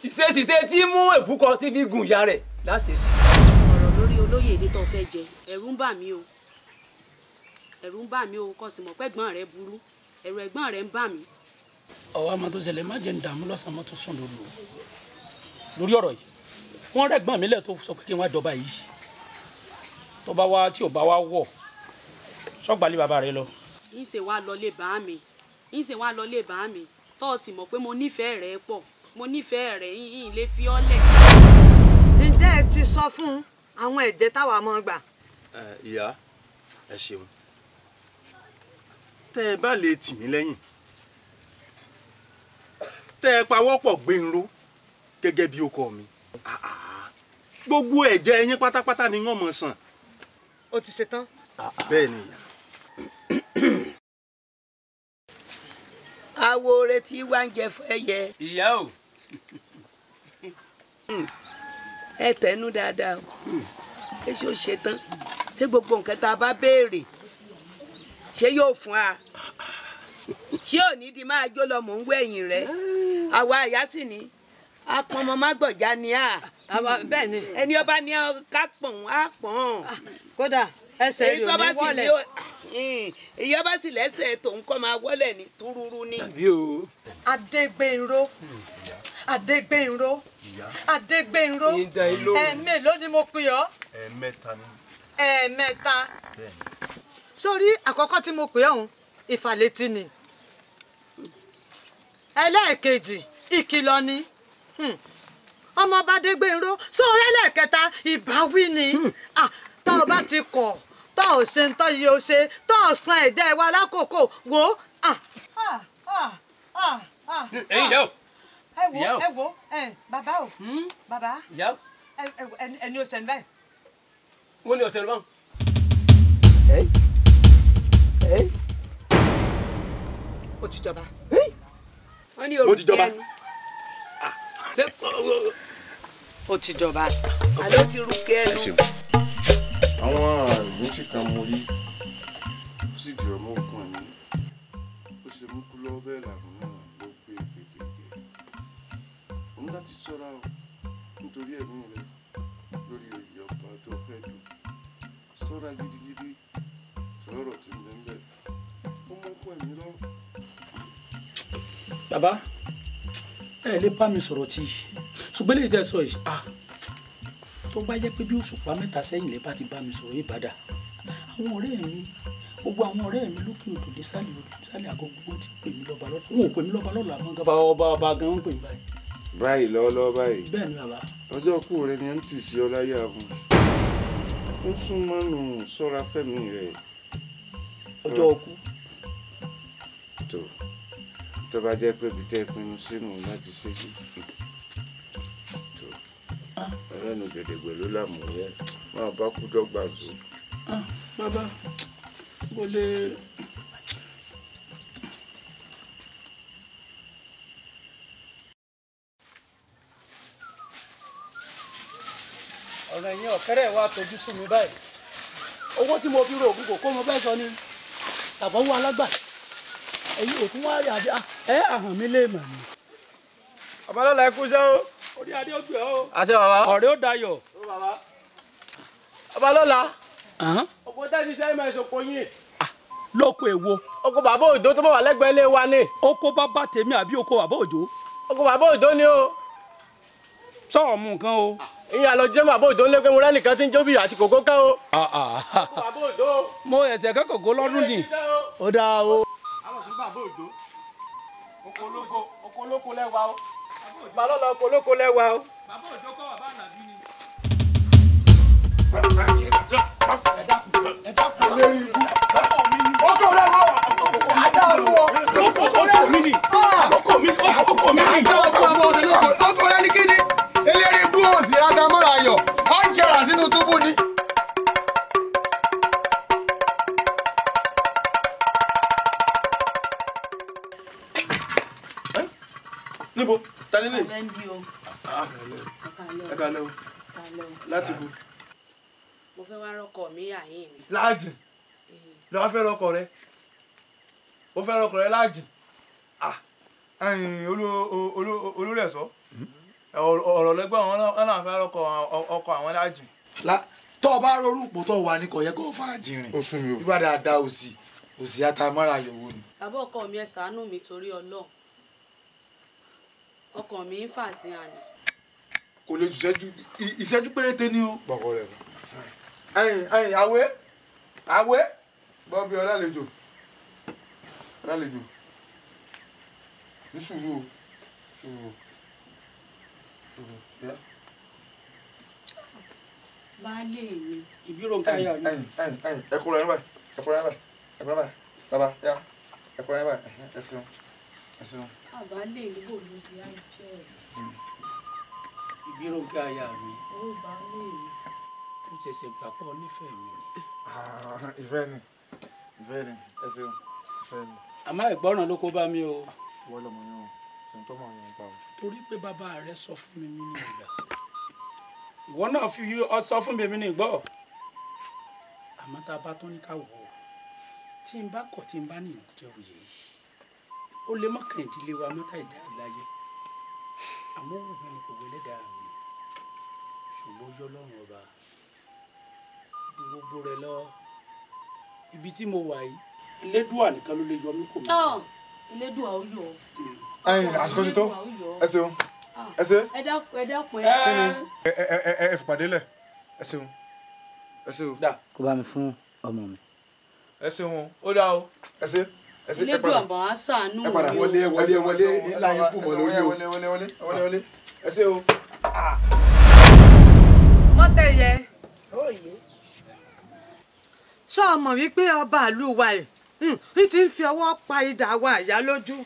ṣìṣe ṣìṣe tí mú èbúkọ tí fi gùn ìyá rẹ̀ láṣẹ sí. ọ̀rọ̀ lórí olóyè èdè tó fẹ́ jẹ ẹ̀rù ń bà mí o ẹ̀rù ń bà mí o kò sì mọ̀ pẹ́gbọ́n rẹ burú ẹ̀rù ẹ̀gbọ́n rẹ̀ ń bà mí. ọwọ́ àmọ́ tó ṣẹlẹ̀ má jẹ́ ń dààmú lọ́sàn-án mọ́tò sùn lóru lórí ọ̀rọ̀ yìí wọ́n rẹ̀gbọ́n mi lẹ̀ tó sọ pé kí wọ́n á dọba yìí tó bá wá tí ò bá wá wọ̀ sọ́gbà lé bàbá rẹ lọ. ìṣe wa lọ lé bàá mi ìṣe wa lọ lé bàá mi tó o sì mọ̀ pé mo nífẹ̀ẹ́ rẹ pọ̀ mo nífẹ̀ẹ́ rẹ yìnyín lè fi ọ́ lẹ̀. ǹjẹ́ ẹ ti sọ fún àwọn ẹ̀jẹ̀ táwa mọ̀ gbà. ìyá ẹ ṣeun tẹ́ ẹ bá lè tì mí lẹ́yìn tẹ́ ẹ pawọ́pọ̀ gbẹ̀nró gẹ́gẹ́ bí ọkọ mi gbogbo ẹ̀jẹ̀ yín pátápátá ni wọ́n mọ̀ sàn. o ti ṣetán. bẹ́ẹ̀ ni ìyá. awo retí wá ń jẹ fún ẹyẹ. ìyá o. ẹ tẹnu dáadáa o èso ṣetán ṣé gbogbo nǹkan tá a bá béèrè ṣé yóò fún a ṣé òní di máa jó lọ mò ń wẹ̀yìn rẹ àwa àyà sì ni apọnmọ má gbọ̀já ni a ẹni ọba ni ká pọ̀n á pọ̀n. kódà ẹsẹ̀ rẹ̀ ò ní wọlé ìyá bá sì lẹ́sẹ̀ tòun kọ́ máa wọlé ní túrúrú ni. adégbènró adégbènró adégbènró ẹ̀ẹ́mẹ́ ló ni mo pè ọ́. ẹ̀ẹ́mẹ́ta ni. ẹ̀ẹ́mẹ́ta. bẹ́ẹ̀ni sórí àkọ́kọ́ tí mo pè ọ̀hún ìfàlétí ni ẹlẹ́ẹ̀kejì ìkìlọ̀ ni hmm. ọmọọba dégbèrò sórí ẹlẹ́ẹ̀kẹta ìbáwí ni hmm. tá ọ bá ti kọ̀ tá ọ ṣe ń tọ́ yìí ó ṣe tá ọ san ẹ̀dá ẹ̀wá lákòókò wò ó. ẹyin yẹ o. ẹ wo ẹ wo bàbá o hmm? bàbá ẹni ọ̀sẹ̀ ní báyìí. wọ́n ní ọ̀sẹ̀ ní báyìí ó ti jọba. o ní orúkọ ẹni. ó ti jọba. àló ah, ti rúkẹ́ ẹnu. àwọn àìmísí kan mo rí ó sì jẹ́ ọmọ òkun ẹ̀mí ó ṣe mú kú lọ́wọ́ bẹ́ẹ̀ làwọn náà ló gbé gbègbè e òun láti sọ́ra o nítorí ẹ̀mí rẹ̀ lórí oyè ọba tó fẹ́ dùn sọ́ra gidigidi lọ́rọ̀ tí ń bẹ ń bẹ ó mú kó ẹ̀mí lọ. bàbá ẹ lè bá mi sọ̀rọ̀ tí ṣùgbọ́n lè tẹ́ sọ yìí tó bá jẹ́ pé bí òṣùpá mẹ́ta sẹ́yìn lè bá ti bá mi sọ̀rọ̀ yìí bàdà àwọn ọ̀rẹ́ mi gbogbo àwọn ọ̀rẹ́ mi lókè odò désàlẹ̀ odò désàlẹ̀ àgọ́ gbogbo ti pè mí lọ́ba lọ́la wọn ò pè mí lọ́ba lọ́la àwọn gaba ọba ọba gan ń pè mí báyìí. báyìí lọ́wọ́lọ́wọ́ báyìí. bẹ́ẹ̀ bàbá. ọjọ́ kú rẹ ni ẹ ọláyà fún un ó tún mọ́nù sọ́ra fẹ́mi rẹ̀ ọjọ́ ọkú. tó tó bá jẹ́ pé bìtẹ́ pinnu sínú láti ṣe é tó ẹlẹ́nu gèdègbè ló làmú yẹn máa bá kú dọ́gba tó. Ah, bàbá mo lè. ọ̀rọ̀ ẹ̀yìn ọ̀kẹ́rẹ́ wa tọ́jú sú mi báyìí owó tí mo fi ro òògùn kò kó mo bẹ́ẹ̀ sọ ni tàbọ̀wọ́ alágbàdo ẹ̀yin òkú wá rí adé ah, ẹ̀ àhàn mi lè mà mí. ọ̀bálọ́lá ẹ kú sẹ́ o. orí adé ó gbẹ o. a àṣẹ bàbá. ọ̀rẹ́ ó dayọ̀. ọ̀bálọ́lá. ọ̀pọ̀ tẹ́sí sẹ́yìn máa ṣòkò yín. Ah, lóko èwo. oko bàbá òjò tó bá wà lẹ́gbẹ̀ẹ́ lé wa ni. oko bàbá tèmi àbí oko bàbá òjò. oko bàbá òjò ni o. sọ̀rọ̀ mu nǹkan o. Ah ìyá lọ jẹ́ màbó òdò ńlẹ́ pé mo rẹ́nìkan tí ń jó bí àti kòkó ká o. màbó ah, ah, ah. òdò. mo ẹ̀sẹ̀ kẹ́ kòkó lọ́dún dì. ó dáa o. àwọn òṣèlú màbó òdò oko olóko oko olóko lẹ́wà o. balọ̀ lọ oko olóko lẹ́wà o. màbó òdò kọ́ bàbá àlàbí ni. ẹ dákun lé rí ibú. ọkọ rẹ wọ ajá ló wọ. ọkọ mi ni ọkọ mi ni ọkọ mi ni. ọkọ rẹ ni kí ni ayọ̀ ó jẹrà sínú túbú ni. níbo ta nílé. ẹ o láti bo. mo fẹ́ wá rọ́kọ mi àyìn ni. láàjì eh. ló wá fẹ́ rọ́kọ rẹ ó fẹ́ rọ́kọ rẹ láàjì olórí ah, ẹ̀sọ́. ọ̀rọ̀ lẹ́gbọ́n wọn náà fẹ́ ọkọ̀ àwọn lájì. tó o bá rọrùn pò tó o wà ní kò yẹ kó o fa jìnrìn ìwà dáadáa òsì òsì àtàmọ́ra yòówó ni. bàbá ọkọ mi ẹ fà sí àná. kò lè péréte ni o. bọ̀kọ rẹ̀ bọ̀. ẹyin ẹyin bọ́bí ọlálejò ọlálejò sùúrù baálé mi. ìbírò nǹkan yà ni. ẹ kúrò yín báyìí ẹ kúrò yín báyìí ẹ kúrò yín báyìí bàbá yá ẹ kúrò yín báyìí ẹ ṣeun ẹ ṣeun. àbálẹ̀ ìlú òun ti á jẹ́ ẹ̀. ìbírò nǹkan yà mi. ó baálé mi. ó ṣẹ̀ṣẹ̀ gbàpọ̀ nífẹ̀ẹ́ mi. Ah, ìfẹ́ ni ìfẹ́ ni ẹ ṣeun ìfẹ́ ni. àmọ́ ìgbọràn ló kó bá mi o. wọ́n lọ́mọ yín o tuntun tó mọ̀ yẹn gbà o. torí pé bàbá rẹ sọ fún mi nínú ìgbà ìwọ náà fi sọ fún mi nínú ìgbọ́ àmọ́ tá a bá tán ní ká wọ̀ ọ́ tí n bá kọ̀ tí n bá ní ìjẹ́ òye yìí ó lè má kàn ìdílé wa mọ́tà ìdájọ́ láyé àmọ́ òun mi kò wọlé dáa mi ṣùgbọ́n yọ lọ́rùn ọba gbogbo rẹ lọ ibi tí mo wà yìí Elédùà nìkan ló lè yọ mí kò mí. Elédùà ó yọ. ẹyin àsìkò ti tó ẹ ṣeun ah, ẹ ṣe. ẹ dákun ẹ dákun ẹ. kí ni ẹ ẹ ẹ fìpàdé lẹ ẹ ṣeun ẹ ṣeun. kó bá mi fún ọmọ mi. ẹ ṣeun ó dá o. ẹ ṣe ẹ ṣe ẹ padà Elédùà àṣàánú mi o. ẹ padà wọlé wọlé wọlé ilá yín kù mọ lórí o. wọlé wọlé wọlé wọlé ẹ ṣe o. Ah. mọ́tẹ̀ yẹ sọ ọmọ wípé ọba àlùwà yìí Hmm, n ti ń fi ọwọ́ pa idà wa àyà lójú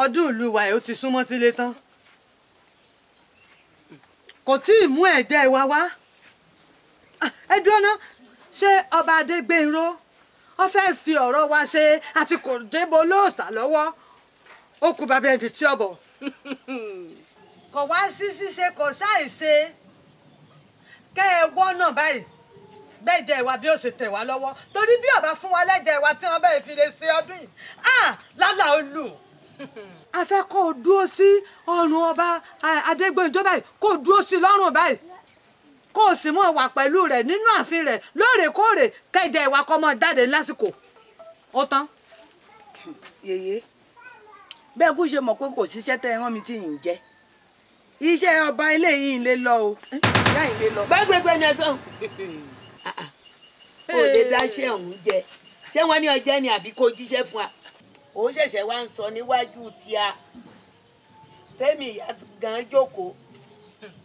ọdún ìlú wa ẹ̀ ó ti súnmọ́ tílé tán kò tí ì mú ẹ̀jẹ̀ wa wá ah, ẹ dúró ná ṣé ọba adégbènró ó fẹ́ fi ọ̀rọ̀ wa ṣe àti kò débo lóòsà lọ́wọ́ ó kú bàbá ẹni tí ọ̀bọ̀ kò wá sí ṣíṣe kò ṣàìṣe kẹ́ ẹ wọ́nà báyìí gbẹ́jẹ̀ wa bí ó ṣe tẹ̀ wá lọ́wọ́ torí bí ọba fún wa lẹ́jẹ̀ wa tí wọ́n bẹ́ẹ̀ fi lè ṣe ọdún yìí ah lálà olù. a fẹ́ kó o dúró sí ọrùn ọba adégbòǹjọ báyìí kó o dúró sí lọ́rùn báyìí kó o sì mọ̀ wà pẹ̀lú rẹ̀ nínú ààfin rẹ̀ lóòrèkóòrè kẹ́jẹ̀ ìwà kọ́ mọ́ jáde lásìkò ó tán. yèyé bẹ́ẹ̀ kú ṣe mọ̀ pé kò síṣẹ́ tẹ́ ẹ rán mi tí yìí ń jẹ́ iṣẹ́ ọba eléyìí lé lọ o ìyá ìlé lọ. gbẹ́gbẹ́gbẹ́ ni ẹ sọ. Ah, ah. ó lè dáṣẹ́ ọ̀hún jẹ ṣé wọ́n ní ọjẹ́ ni àbí kó jíṣẹ́ fún wa òun ṣẹ̀ṣẹ̀ wá ń sọ níwájú tí a tẹ́mi ìyá gan jókòó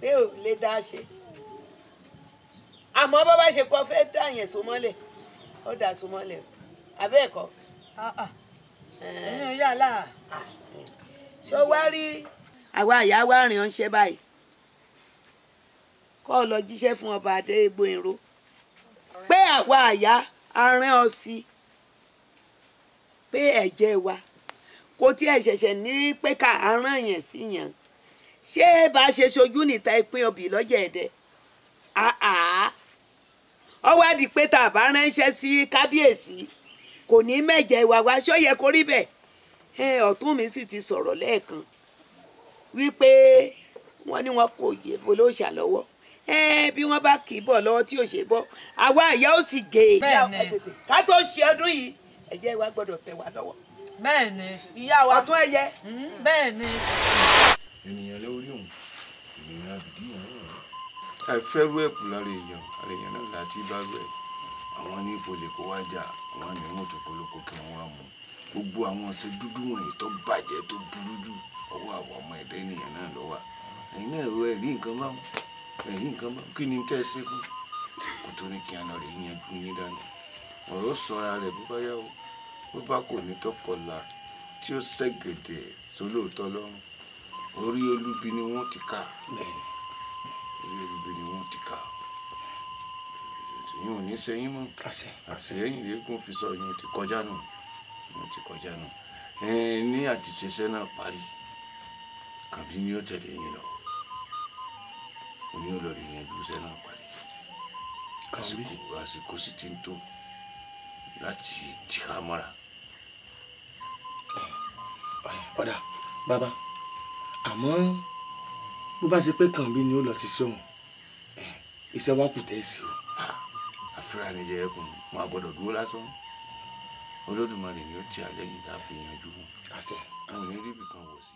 pé ò lè dáṣẹ́ àmọ́ bọ́ bá ṣe kọ́ fẹ́ dá yẹn so mọ́lẹ̀ ó dà so mọ́lẹ̀ abẹ́ ẹ̀kọ́. Ah, eh. ẹ̀yin yàrá eh. ṣó wá rí àwa àyà wa rìn ọ́n ṣe báyìí kọ́ ọ lọ jíṣẹ́ fún ọba adé egbò ìró pé àwa àyà arán ọ sí pé ẹ̀jẹ̀ wa kò tí ẹ̀ ṣẹ̀ṣẹ̀ ní pé ká arán yẹn sí yẹn ṣé bá a ṣe ṣojú níta ìpín obì lọ́jà ẹ̀dẹ́ ọwọ́ àdì pé tá a bá ránṣẹ́ sí kábíyèsí kò ní mẹ̀jẹ̀ ìwà wa ṣó yẹ kó rí bẹ́ẹ̀ ọ̀tún mi sì ti sọ̀rọ̀ lẹ́ẹ̀kan wípé wọ́n ní wọn kò yẹ bolóṣà lọ́wọ́ Eh, bí wọ́n bá kì í bọ̀ lọ́wọ́ tí ò ṣe bọ́ àwa ìyá ò sì gé e. ká tó ṣe ọdún yìí ẹ̀jẹ̀ wa gbọ́dọ̀ tẹ̀ wá lọ́wọ́. bẹ́ẹ̀ni ìyá wa ọtún ẹyẹ. Hmm, bẹ́ẹ̀ni. ènìyàn lórí òun ènìyàn àbìdí ọ̀rọ̀ àìfẹ́rú ẹ̀kú lára èèyàn lára náà láti bá rẹ̀ àwọn ní ipò lè kó wá jà àwọn ní wọn tó kí wọn wá mú gbogbo àwọn ọ̀sẹ̀ dúdú wọ̀nyí tó bàjẹ́ tó burú jù ọwọ́ àwọn ọmọ ẹ̀dá ènìyàn náà ló wà ẹ̀rọ ẹ̀rí nǹkan báwọn ẹ̀yìn nǹkan mọ́ kí ni tẹ́ ẹ ṣe fún kò tó ní kí àná rẹ̀ yẹn gún yín dání ọ̀rọ̀ sọra rẹ̀ bó bá yá o bó bá kò ní tọkọ̀la tí ó ṣẹ̀gẹ̀dẹ̀ tó lóòótọ́ lọ́rùn orí olúbi ni wọ́n ti kà orí olúbi ni wọ́n ti kà ìyẹn ò ní sẹ́yìn mọ́ àṣeyẹyìn eégún fi sọ ìyẹn ti kọjá nù ìyẹn ti kọjá nù ní àtìṣeṣẹ́ náà parí kàbí ni ó tẹ̀lé lọ oní olórí yẹn ju iṣẹ́ náà parí àsìkò àsìkò sì ti ń tó láti tìka mọ́ra. ọ̀dà bàbá àmọ́ bó bá ṣe pé kànbí ni ó lọ sí sóhun iṣẹ́ wa kù tẹ́sí o. àfihàn ni jẹ́ ẹkùn wọn àgbọ̀dọ̀ dúró lásán olódùmarè ni ó ti àlẹ́yìn tá a fi yanjú wọn. àṣẹ àwọn oníríbi kan wọ̀ sí.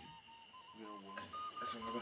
ẹ ṣe bàbá.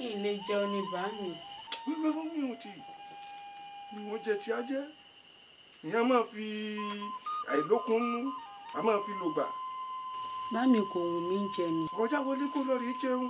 ilé jẹun ní bàánù. gbígbé fún mi ò tí ni wọ́n jẹ ti a jẹ́ ìyẹn máa fi àìlókun nú a máa fi lògbà. bá mi kò wù mí jẹ ni. ọjà wọlé kó lọ rí jẹun.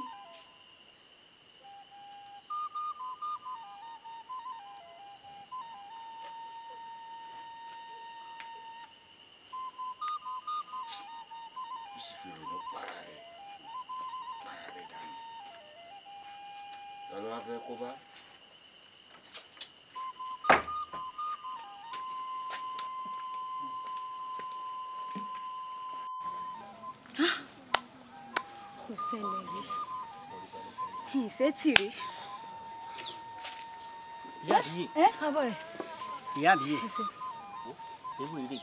tì rí. ìyá àbíyè. ẹ káàbọ̀ rẹ̀. ìyá àbíyè. ewé rè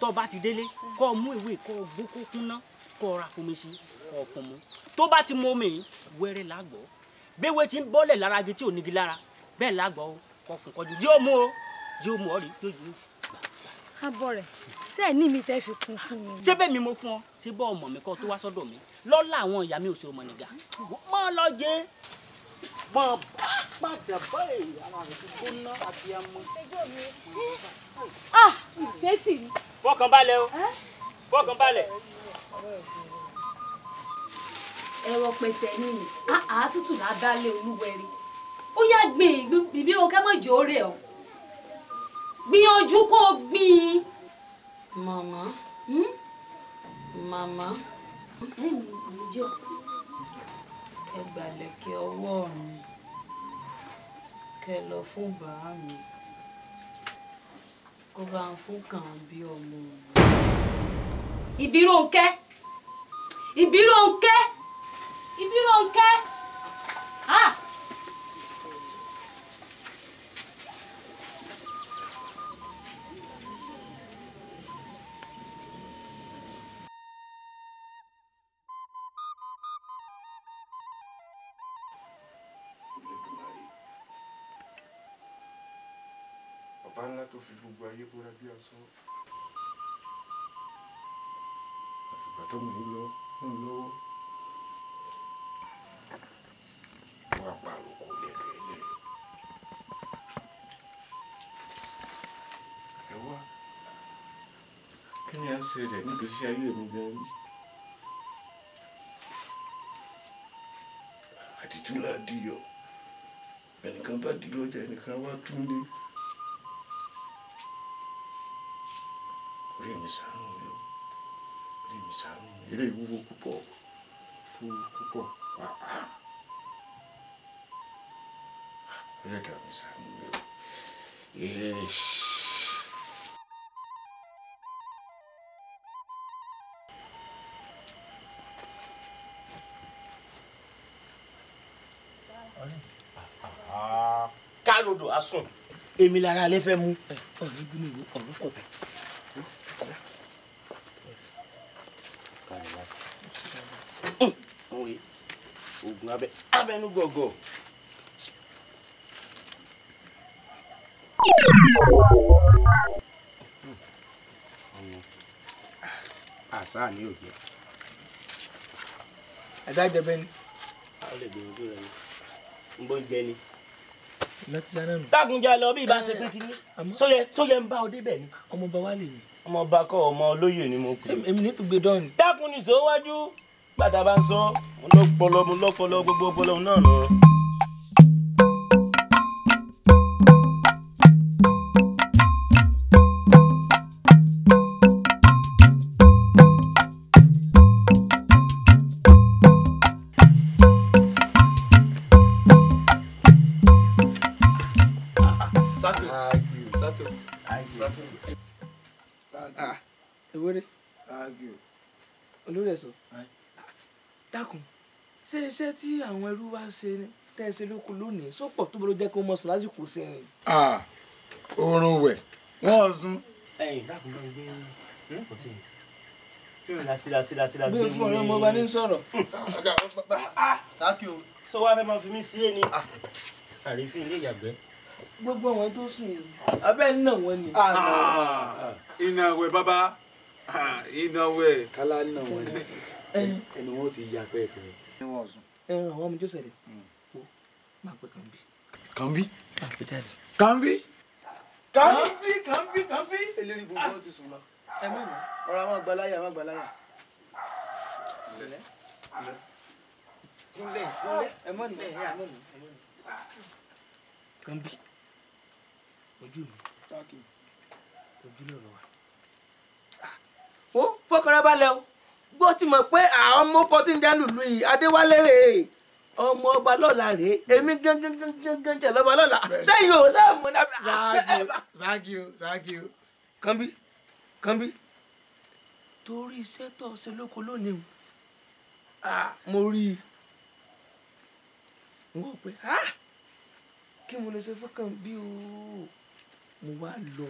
tó bá ti délé kó mú ewé kó bó kó kúnná kó ra fomi sí kó fún mu tó bá ti mú omi wẹ́rẹ́ làgbọ́ béwé ti ń bọ́lẹ̀ lára igi tí ò nígi lára bẹ́ẹ̀ làgbọ́ kó fún kọjú yóò mú o yóò mú ọ rí yóò yóò abọ rẹ tí ẹ ní mi tẹ fi kún fún mi. ṣé mi mo fún ọ ṣé bọ́ ọmọ mi kọ́ tó wá sọ́dọ̀ mi lọ́la àwọn ìyá mi ò ṣe òmọ̀nìgà mọ́ lọ jẹ́ mọ́ bá padà báyìí ara rẹ̀ ti gbóná àti amọ. ah ìṣesì. fọkàn balẹ̀ o fọkàn balẹ̀. ẹ̀rọ pèsè ni àtútù náà bá lé olúwẹ̀rí ó yá gbìn bíbí o kẹ́ mọ̀ jẹ́ o gbìyànjú kó gbìn. màmá hmm? màmá ẹ gbàlẹ̀kẹ̀ ọwọ́ mi kẹ lọ fún bàá mi kó bá ń fún kàn bí ọmọ mi. ìbírónkẹ́ ìbírónkẹ́ ìbírónkẹ́ ah. ọba ńlá tó fi gbogbo ayé bóra bí aṣọ. àtìgbà tó mú lọ mú lọ́wọ́. wọ́n á pààrọ̀ kí ni a ṣe rẹ̀ níbi iṣẹ́ ayé mi gan-an. àtìtúlá dìyọ ẹnìkan bá dìyọ ọjà ẹnìkan wá tún ní. eré ìwúwo púpọ̀ púpọ̀ ọjọ́ ìdààmú sáà nílé o. káàlódò asùn. èmi lára alẹ́ fẹ́ mú. abẹ abẹnú gọgọ. Ah, àṣà ni òkè. ẹ̀dá jẹbẹ ni. a lè gbìyànjú rẹ ni n bó ń jẹ ni. dágunjà lọ bí ibà ṣe pé kiri sóyẹ sóyẹ ń bá ọ débẹ̀ ni. ọmọọba wa lè mi. ọmọọba kọ ọmọ olóyè ni mo pè. èmi ní tùgbẹ́dọ́ ni. dákun ní sọ wájú gbàdá bá ń sọ mo lọ́pọlọ mo lọ́pọlọ gbogbo ọpọlọ náà lọ. tí àwọn ẹrú wa ṣe tẹ́ ẹ ṣe lóko lónìí sọ́pọ̀ tó bọ́dọ̀ jẹ́ kó mọ̀ sùn lásìkò sí i. oorun wẹ̀ wọ́n sùn. ẹ̀yin dákun náà gbé ní kò tí ì bí fún ọ̀rẹ́ mo bá ní sọ̀rọ̀. sọ ah, wá fẹ́ máa fi mí sílé ni ah. àrífín ilé ìyàgbẹ́. gbogbo àwọn tó sùn yìí abẹ́ náà wọ́n ni. Ah, iná wẹ̀ bàbá iná wẹ̀. kálá náà wọ́n ni ẹni wọ́n ti yàgbẹ́ pẹ̀lú ẹran àwọn ọmọ jọ́sẹ̀ o hmm. máa pẹ́ kàn bí. kàn bí. máa pẹ́ jáde. kàn bí. kàn ah. bí kàn bí kàn bí. eléyìí gbogbo ti sùn lọ. ẹ má mọ. ọ̀rọ̀ àwọn àgbàláyà àwọn àgbàláyà. kúnlẹ̀ kúnlẹ̀ ah, ẹ má nù ẹ má nù. kàn bí ojú mi ojú lọ́rọ̀ wa. Ah. ó fọkànlá balẹ̀ o gbogbo ti mọ̀ pé àwọn mọ́kọ́ ti ń dá lùlù yìí adéwálé rè é ọmọ ọba lọ́la rè é èmi gángan gángan jẹ lọ́ba lọ́la sẹ́yìn o sẹ́yìn mo náà. ṣáàkì o ṣáàkì o. kànbí kànbí torí iṣẹ́ tó ṣe lóko lónìí o mo rí i wọ́n pé kí mo lè ṣe fún kànbí o mo wá lọ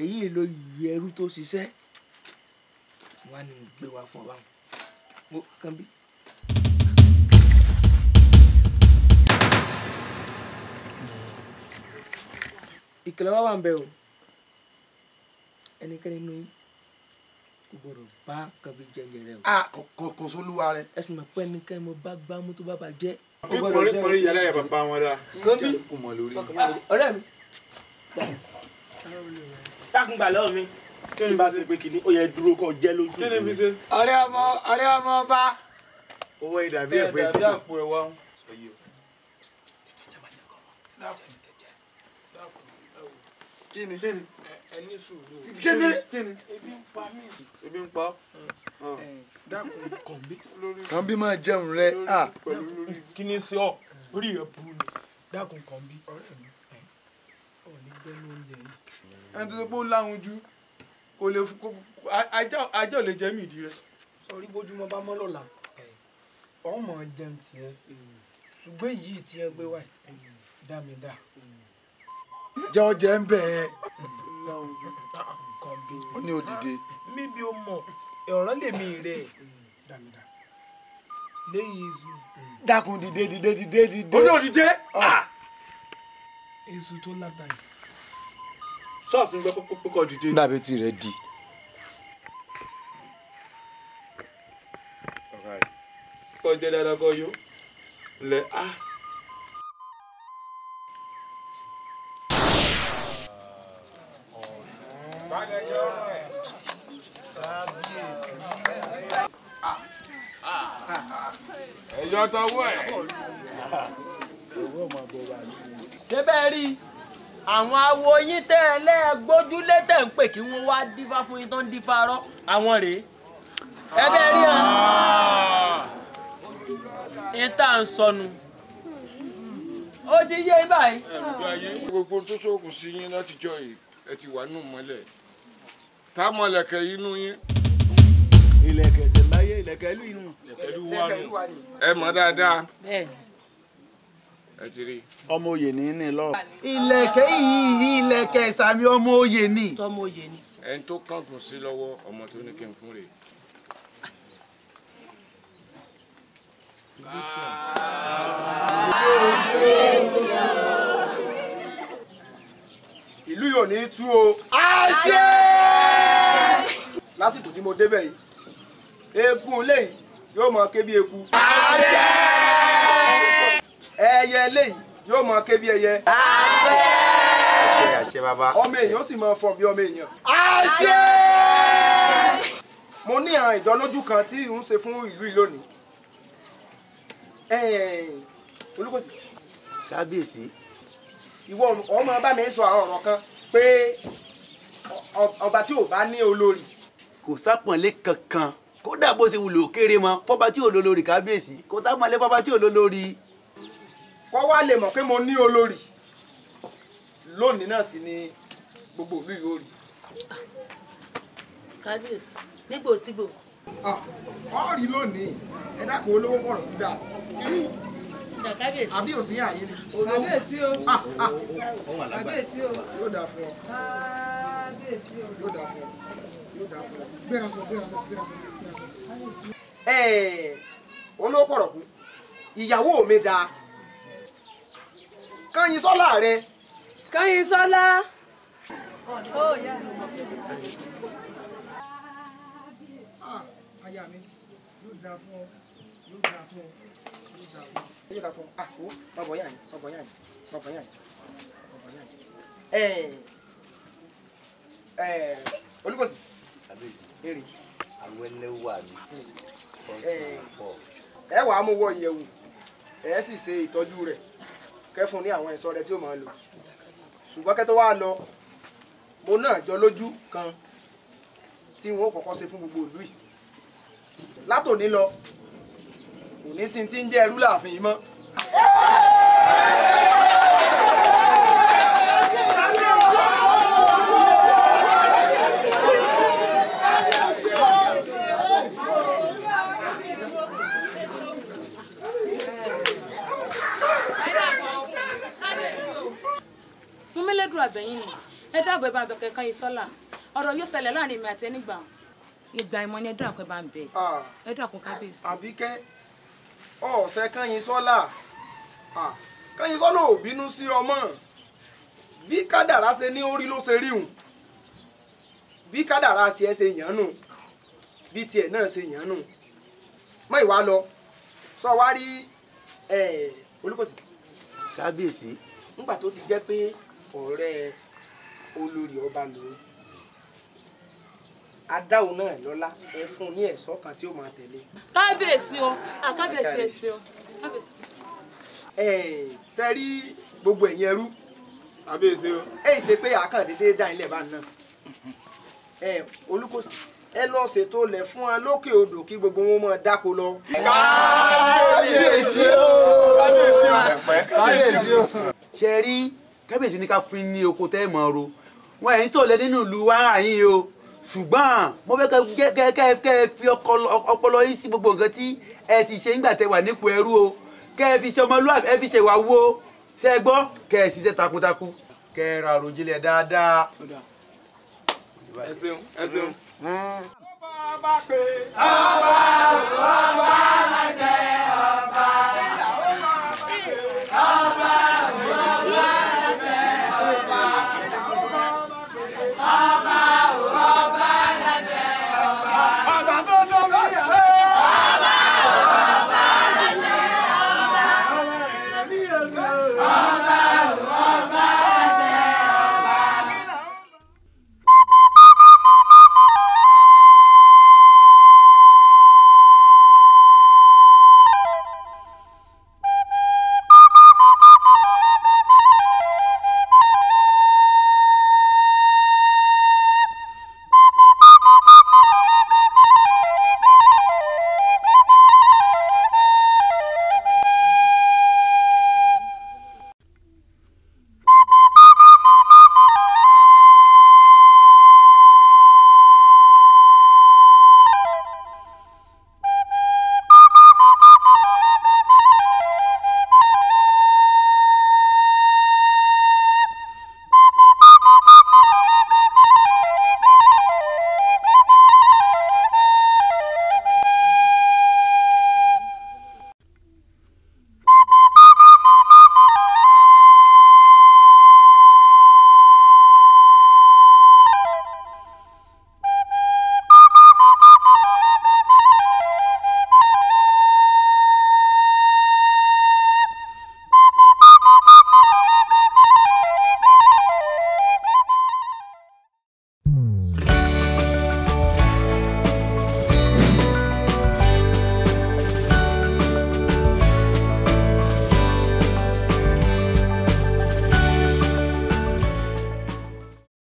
èyí ló yẹrù tó ṣiṣẹ́ wá ní gbé wa fún ọba mo kàn bí. ìkìlọ̀ wá wà ń bẹ o ẹnikẹ́ni nínú yín kò gbọdọ̀ bá kàbí jẹjẹ rẹ o. a kò kò sólúwa rẹ. ẹ sì mọ̀ pé ẹnikẹ́ni mo bá gbámú tó bá bàjẹ́. bí pọ̀rí pọ̀rí yàrá yàrá bàbá wọn dá. kọ́bí ọ̀rẹ́ mi. dákun gbà lọ́wọ́ mi kí ni bá ṣe pé kìíní ó yẹ dúró kó jẹ́ lójú. kí ni fi ṣe. ọ̀rẹ́ ọmọ ọ̀rẹ́ ọmọ bá. owó ìdàbí ẹ̀ pé tí. ẹ̀ dàbí àpò ẹ̀ wá. kí ni. ẹ ní sùúrù. kí ni. kí ni. ebi ń pa mí. ebi ń pa dákun kànbí. kànbí máa jẹun rẹ. kí ni sí orí rẹ bu ni dákun kànbí. ẹni tó ṣe pé ó láhùn kò lè ajá ò lè jẹ́ mi ìdí rẹ. sọrí bójúmọ́ bá mọ́ lọ́la ọmọ jẹun tiẹ ṣùgbọ́n èyí tiẹ gbé wá dá mi dá. jẹ́ ọ jẹ́ ń bẹ̀ ẹ́. ó ní òdìdí. mi bí o mọ̀ ọ̀rọ̀ lèmi rẹ̀ dá èso. dákun dìde dìde dìde dìde. ó ní òdìdí. èso ah. tó lágbàá yìí sọ́ọ̀tún gbọ́ kókó dìde. dàbí tí rẹ di. kọ́ jẹ́ dáadáa kọ́ yó lẹ́ á. ẹ̀yọ́ tọwọ́ ẹ̀. ṣé bẹ́ẹ̀ rí i àwọn awo yín tẹ́ ẹ lẹ́ẹ̀gbójúlé tẹ̀ ń pè kí wọ́n wá dífá fún yín tó ń dífá rọ́ àwọn rèé ẹ bẹ́ẹ̀ rí hàn yín tá à ń sọnù ó ti yé báyìí. gbogbo tó ṣókùn sí yín látijọ́ yìí ẹ ti wà nù mọ́lẹ̀ tá a mọ̀lẹ̀kẹ̀ inú yín. ìlẹ̀kẹ̀ ṣẹ̀láyé ìlẹ̀kẹ̀ ìlú inú. ìlẹ̀kẹ̀ ìlú wa ni. ẹ mọ̀ dáadáa. bẹ́ẹ̀ ọmọ òye ní ní lọ. ìlẹ̀kẹ̀ yìí ìlẹ̀kẹ̀ sami ọmọ òye ni. tọmọ òye ni. ẹni tó kángun sí lọ́wọ́ ọmọ tó ní kí n fún rè. ìlú yóò ní tú o. àṣẹ. lásìkò tí mo débẹ̀ yìí eegun lẹ́yìn yóò mọ kébí eku. àṣẹ ẹyẹ eléyìí yóò mọ ké bí ẹyẹ. àṣẹ. àṣẹ àṣẹ bàbá. ọmọ èèyàn sì máa fọ̀n bí ọmọ èèyàn. àṣẹ. mo ní àwọn ìdánlójú kan tí ń ṣe fún ìlú ìlónìí. olùkọ́sí. kábíyèsí. ìwọ ọmọ bá mi sọ àwọn ọ̀rọ̀ kan pé ọba tí ò bá ní olórí. kò sápọ̀nlé kankan kódà bó ṣe wùlò kéré mọ́ fọba tí ò lólórí kábíyèsí kò sápọ̀nlé fọba tí ò lólórí kọ́ wá lè mọ̀ pé mo ní olórí lónìí náà sì ni gbogbo ìlú yìí ó rí. kábíyèsí nígbà òsígbò. Ah, ọ rí lónìí ẹ dákun olówó pọ̀rọ̀ dídá àbí òsì yà yìí ni. kábíyèsí o ah, ah. kábíyèsí o yóò dà fún ọ kábíyèsí o yóò dà fún ọ yóò dà fún ọ gbéra sọ gbéra sọ gbéra sọ gbéra sọ. olówó pọ̀rọ̀ kú ìyàwó mi dáa. Kányìnsọ́lá rẹ. Kányìnsọ́lá. Oh, ah, aya mi yóò dáa fún ọ yóò dáa fún eh, eh, eh, ẹ ẹ Olúbọ̀sí mú wọ ìyẹ̀wù ẹ sì ṣe ìtọ́jú rẹ̀ kẹfún ní àwọn ẹ̀ṣọ́ rẹ tí ó máa lò ṣùgbọ́n kẹ́tọ́ wá lọ mo náà jọ lójú kan tí wọn ó kọ́kọ́ ṣe fún gbogbo ìlú yìí látòní lọ kò ní sí ti ń jẹ́ ẹrú láàfin yìí mọ́. elédùn àbẹ̀yìn ni ẹ dáàbò ẹ bá ń bẹ kẹ̀kẹ́ yìí sọ́là ọ̀rọ̀ yóò ṣẹlẹ̀ láàrin èmi àti ẹnìgbà ìgbà ìmọ̀ ni ẹ dáàkùn ẹ bá ń bẹ ẹ dáàkùn kábíyèsí. àbíkẹ́ ọ̀sẹ̀ kẹ́yìn sọ́là kẹ́yìn sọ́là ò bínú sí ọmọ bí kádàrá ṣe ní orí ló ṣe rí hùn bí kádàrá tiẹ̀ ṣe yàn nù bí tiẹ̀ náà ṣe yàn nù mọ ìwà lọ sọ wá rí olùkọ́sí. kábíyèsí. nígbà tó ti jẹ́ pé ọ̀rẹ́ olórí ọba lòun adáwo náà lọ́lá ẹ fún un ní ẹ̀sọ́ kan tí ó máa tẹ̀lé. kábíyèsí o àkábíyèsí ẹ̀sìn o kábíyèsí. ẹ ṣe rí gbogbo ẹ̀yin ẹrú. kábíyèsí o. ẹ ṣe pé àkàndéédé dá ilẹ̀ bá náà. ẹ olùkọ́sí ẹ lọ ṣètò lẹ̀ fún wa lókè odò kí gbogbo wọn máa dáko lọ. kábíyèsí o kábíyèsí o kábíyèsí o. ṣe rí kábíyèsí ní ká fún ní oko tẹ́ mọ̀ ro wọn ẹ̀yìn sọ̀lẹ̀ nínú ìlú wàrà yín o ṣùgbọ́n mo fẹ́ kẹ́ ẹ fi ọpọlọ yín sí gbogbo nǹkan tí ẹ ti ṣe nígbà tẹ wà nípò ẹrú o kẹ́ ẹ fi ṣe ọmọlúwàbí ẹ fi ṣe ìwà wo ṣe gbọ́ kẹ́ ẹ ṣiṣẹ́ takuntakun kẹ́ ẹ ra àròjinlẹ̀ dáadáa. ẹ ṣeun ẹ ṣeun.